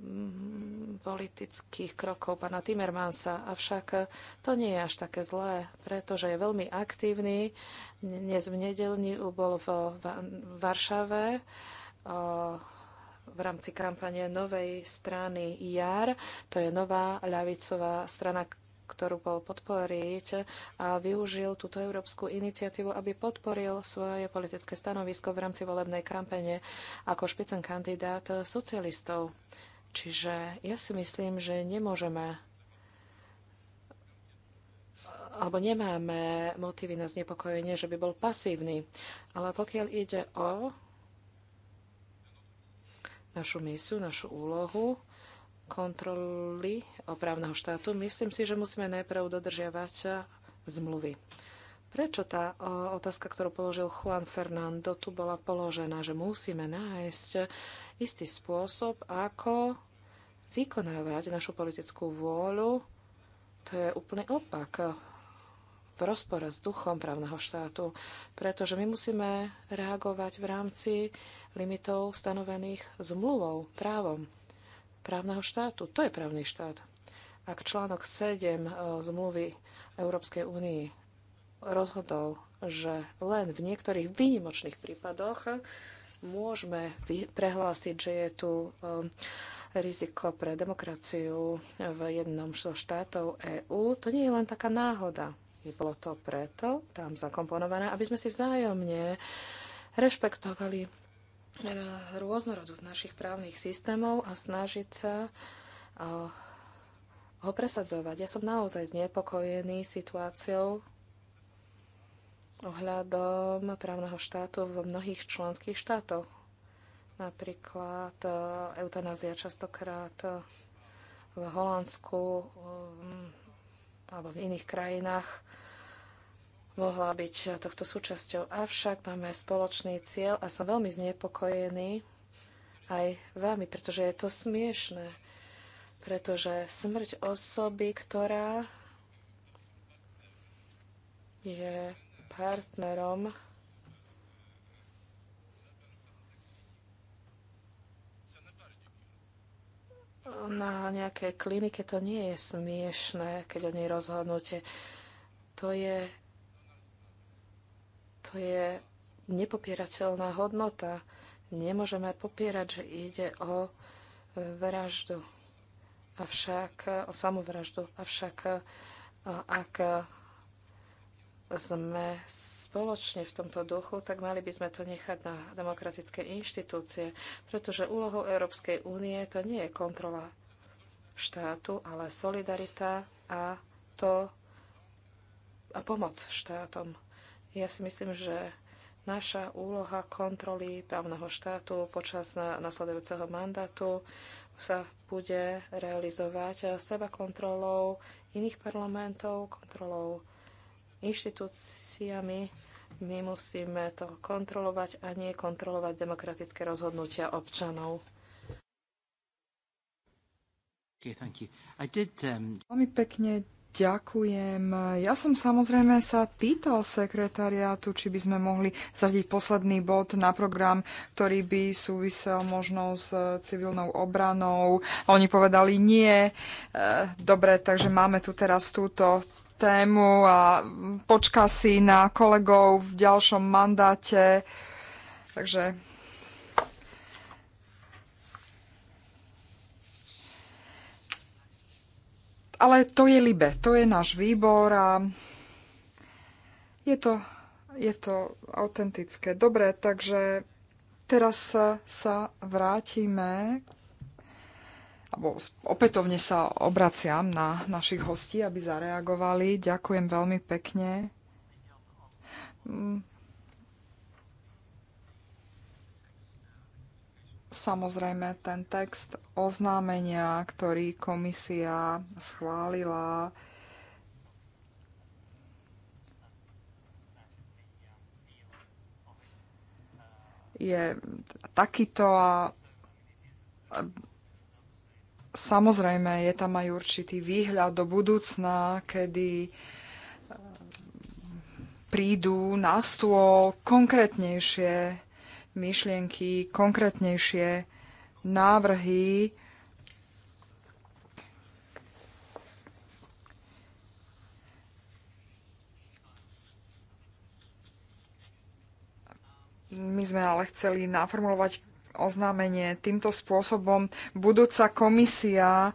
mm, politických krokov pána Timmermansa, avšak to nie je až také zlé, pretože je veľmi aktívny. Dnes v nedelni bol v Varšave v rámci kampane novej strany JAR. To je nová ľavicová strana, ktorú bol podporiť a využil túto európsku iniciatívu, aby podporil svoje politické stanovisko v rámci volebnej kampane ako špicen kandidát socialistov. Čiže ja si myslím, že nemôžeme alebo nemáme motívy na znepokojenie, že by bol pasívny. Ale pokiaľ ide o našu misiu, našu úlohu kontroly právneho štátu, myslím si, že musíme najprv dodržiavať zmluvy. Prečo tá otázka, ktorú položil Juan Fernando, tu bola položená, že musíme nájsť istý spôsob, ako vykonávať našu politickú vôľu, to je úplný opak v rozpore s duchom právneho štátu, pretože my musíme reagovať v rámci limitov stanovených zmluvou, právom právneho štátu. To je právny štát. Ak článok 7 e, zmluvy Európskej únii rozhodol, že len v niektorých výnimočných prípadoch môžeme prehlásiť, že je tu e, riziko pre demokraciu v jednom zo štátov EÚ, to nie je len taká náhoda. Je bolo to preto tam zakomponované, aby sme si vzájomne rešpektovali rôznorodosť našich právnych systémov a snažiť sa ho presadzovať. Ja som naozaj znepokojený situáciou ohľadom právneho štátu v mnohých členských štátoch. Napríklad e, eutanázia častokrát e, v Holandsku e, alebo v iných krajinách mohla byť tohto súčasťou. Avšak máme spoločný cieľ a som veľmi znepokojený aj vami, pretože je to smiešné. Pretože smrť osoby, ktorá je partnerom na nejakej klinike, to nie je smiešné, keď o nej rozhodnúte. To je to je nepopierateľná hodnota. Nemôžeme popierať, že ide o e, vraždu. Avšak, o samovraždu. Avšak, e, ak sme spoločne v tomto duchu, tak mali by sme to nechať na demokratické inštitúcie, pretože úlohou Európskej únie to nie je kontrola štátu, ale solidarita a to a pomoc štátom. Ja si myslím, že naša úloha kontroly právneho štátu počas nasledujúceho mandátu sa bude realizovať seba kontrolou iných parlamentov, kontrolou inštitúciami. My musíme to kontrolovať a nie kontrolovať demokratické rozhodnutia občanov. Okay, thank you. I did, um... Veľmi pekne Ďakujem. Ja som samozrejme sa pýtal sekretariátu, či by sme mohli zradiť posledný bod na program, ktorý by súvisel možno s eh, civilnou obranou. Oni povedali nie. Eh, dobre, takže máme tu teraz túto tému a počká si na kolegov v ďalšom mandáte. Takže ale to je Libe, to je náš výbor a je to, je to autentické. Dobre, takže teraz sa, sa vrátime alebo opätovne sa obraciam na našich hostí, aby zareagovali. Ďakujem veľmi pekne. Mm, Samozrejme, ten text oznámenia, ktorý komisia schválila, je takýto a samozrejme je tam aj určitý výhľad do budúcna, kedy eh, prídu na stôl konkrétnejšie myšlienky, konkrétnejšie návrhy, My sme ale chceli naformulovať oznámenie týmto spôsobom. Budúca komisia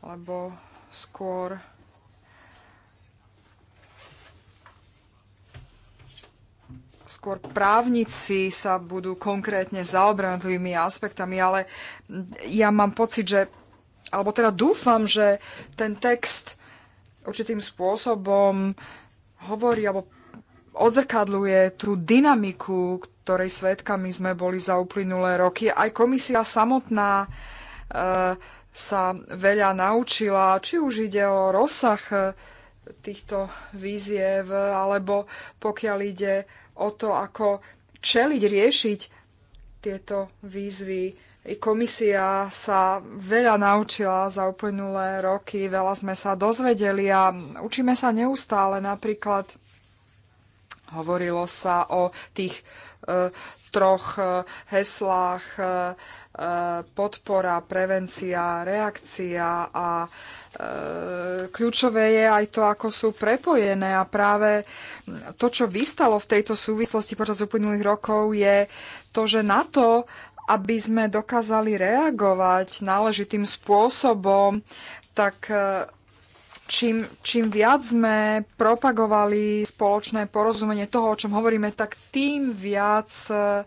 alebo skôr skôr právnici sa budú konkrétne zaobrať aspektami, ale ja mám pocit, že, alebo teda dúfam, že ten text určitým spôsobom hovorí alebo odzrkadluje tú dynamiku, ktorej svetkami sme boli za uplynulé roky. Aj komisia samotná e, sa veľa naučila, či už ide o rozsah eh, týchto víziev, alebo pokiaľ ide o to, ako čeliť, riešiť tieto výzvy. I komisia sa veľa naučila za uplynulé roky, veľa sme sa dozvedeli a učíme sa neustále. Napríklad hovorilo sa o tých e, troch e, heslách e, e, podpora, prevencia, reakcia a e, E, kľúčové je aj to, ako sú prepojené a práve to, čo vystalo v tejto súvislosti počas uplynulých rokov, je to, že na to, aby sme dokázali reagovať náležitým spôsobom, tak e, čím, čím viac sme propagovali spoločné porozumenie toho, o čom hovoríme, tak tým viac uh,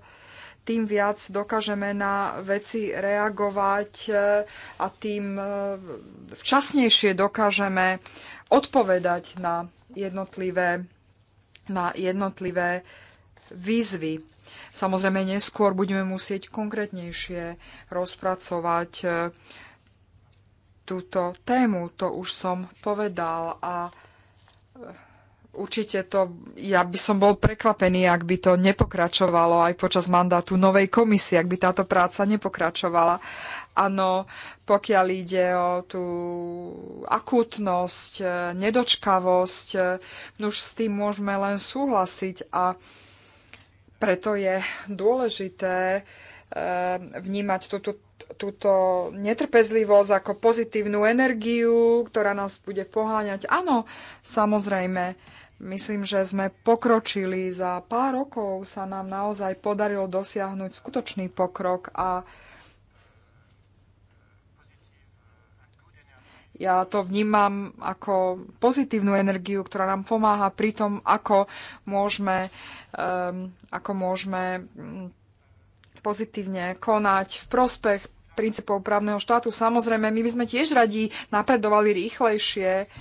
tým viac dokážeme na veci reagovať e, a tým e, včasnejšie dokážeme odpovedať na jednotlivé, na jednotlivé výzvy. Samozrejme, neskôr budeme musieť konkrétnejšie rozpracovať e, túto tému, to už som povedal. A určite to, ja by som bol prekvapený, ak by to nepokračovalo aj počas mandátu novej komisie, ak by táto práca nepokračovala. Áno, pokiaľ ide o tú akútnosť, eh, nedočkavosť, eh, už s tým môžeme len súhlasiť a preto je dôležité eh, vnímať túto túto netrpezlivosť ako pozitívnu energiu, ktorá nás bude poháňať. Áno, samozrejme, Myslím, že sme pokročili. Za pár rokov sa nám naozaj podarilo dosiahnuť skutočný pokrok a ja to vnímam ako pozitívnu energiu, ktorá nám pomáha pri tom, ako môžeme, um, ako môžeme mm, pozitívne konať v prospech princípov právneho štátu. Samozrejme, my by sme tiež radi napredovali rýchlejšie,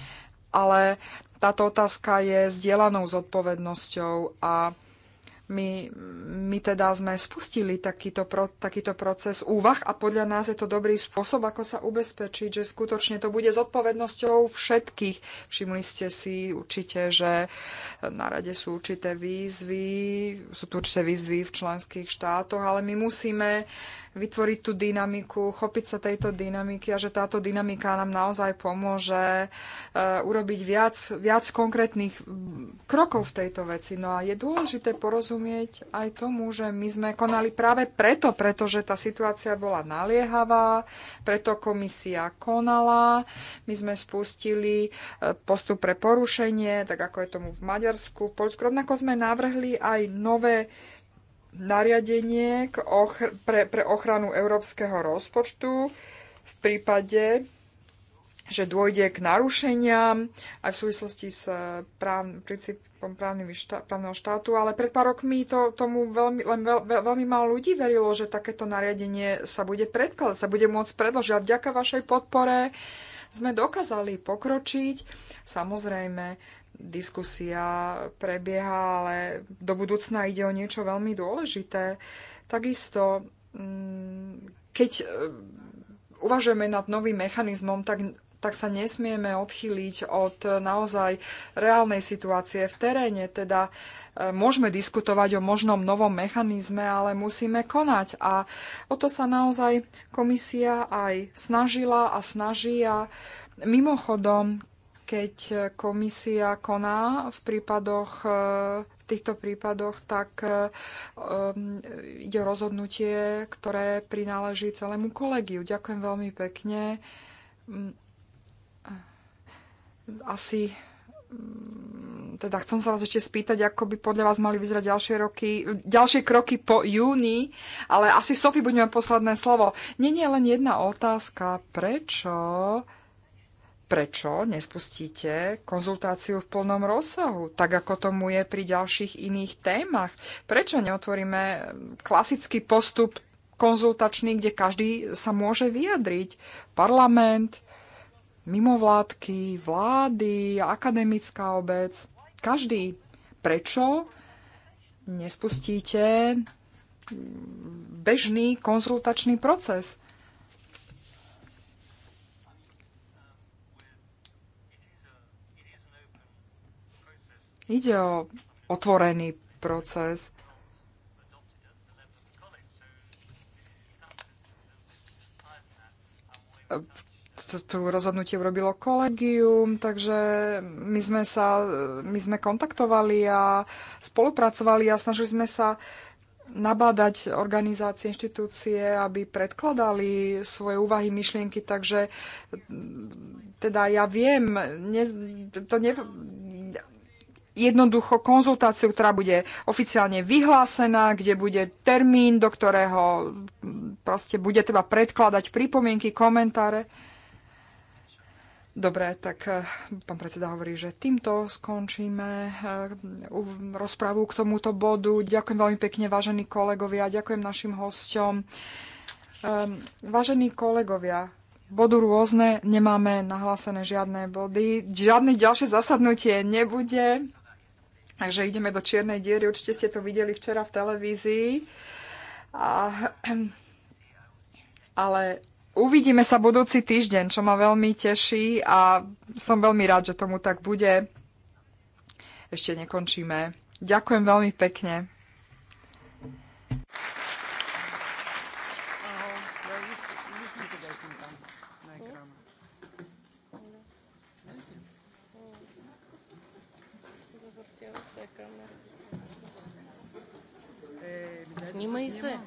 ale táto otázka je zdieľanou zodpovednosťou a my, my teda sme spustili takýto, pro, takýto proces úvah a podľa nás je to dobrý spôsob, ako sa ubezpečiť, že skutočne to bude zodpovednosťou všetkých. Všimli ste si určite, že na rade sú určité výzvy, sú tu určité výzvy v členských štátoch, ale my musíme vytvoriť tú dynamiku, chopiť sa tejto dynamiky a že táto dynamika nám naozaj pomôže e, urobiť viac, viac konkrétnych krokov v tejto veci. No a je dôležité porozumieť aj tomu, že my sme konali práve preto, pretože tá situácia bola naliehavá, preto komisia konala, my sme spustili e, postup pre porušenie, tak ako je tomu v Maďarsku, v Polsku. Rovnako sme navrhli aj nové nariadenie k ochr- pre, pre ochranu európskeho rozpočtu v prípade, že dôjde k narušeniam aj v súvislosti s práv, princípom štá, právneho štátu, ale pred pár rokmi to, tomu veľmi, veľ, veľ, veľmi málo ľudí verilo, že takéto nariadenie sa bude predkladať, sa bude môcť predložiť. A vďaka vašej podpore sme dokázali pokročiť. Samozrejme, diskusia prebieha, ale do budúcna ide o niečo veľmi dôležité. Takisto, mm, keď e, uvažujeme nad novým mechanizmom, tak tak sa nesmieme odchýliť od naozaj reálnej situácie v teréne. Teda e, môžeme diskutovať o možnom novom mechanizme, ale musíme konať. A o to sa naozaj komisia aj snažila a snaží. A mimochodom, keď komisia koná v prípadoch e, v týchto prípadoch, tak um, ide o rozhodnutie, ktoré prináleží celému kolegiu. Ďakujem veľmi pekne. Mm, asi mm, teda chcem sa vás ešte spýtať, ako by podľa vás mali vyzerať ďalšie, roky, ďalšie kroky po júni, ale asi Sofie budeme posledné slovo. Nie, nie, len jedna otázka. Prečo prečo nespustíte konzultáciu v plnom rozsahu, tak ako tomu je pri ďalších iných témach? Prečo neotvoríme klasický postup konzultačný, kde každý sa môže vyjadriť? Parlament, mimovládky, vlády, akademická obec, každý. Prečo nespustíte bežný konzultačný proces? Ide o otvorený proces. tu rozhodnutie urobilo kolegium, takže my sme sa, my sme kontaktovali a spolupracovali a snažili sme sa nabádať organizácie, inštitúcie, aby predkladali svoje úvahy, myšlienky, takže teda ja viem, ne, to ne, jednoducho konzultáciu, ktorá bude oficiálne vyhlásená, kde bude termín, do ktorého mm, proste bude treba predkladať pripomienky, komentáre. Dobre, tak e, pán predseda hovorí, že týmto skončíme e, rozprávu k tomuto bodu. Ďakujem veľmi pekne, vážení kolegovia, ďakujem našim hosťom. E, vážení kolegovia, bodu rôzne, nemáme nahlásené žiadne body, žiadne ďalšie zasadnutie nebude. Takže ideme do čiernej diery, určite ste to videli včera v televízii. A, ale uvidíme sa budúci týždeň, čo ma veľmi teší a som veľmi rád, že tomu tak bude. Ešte nekončíme. Ďakujem veľmi pekne. Внимай се.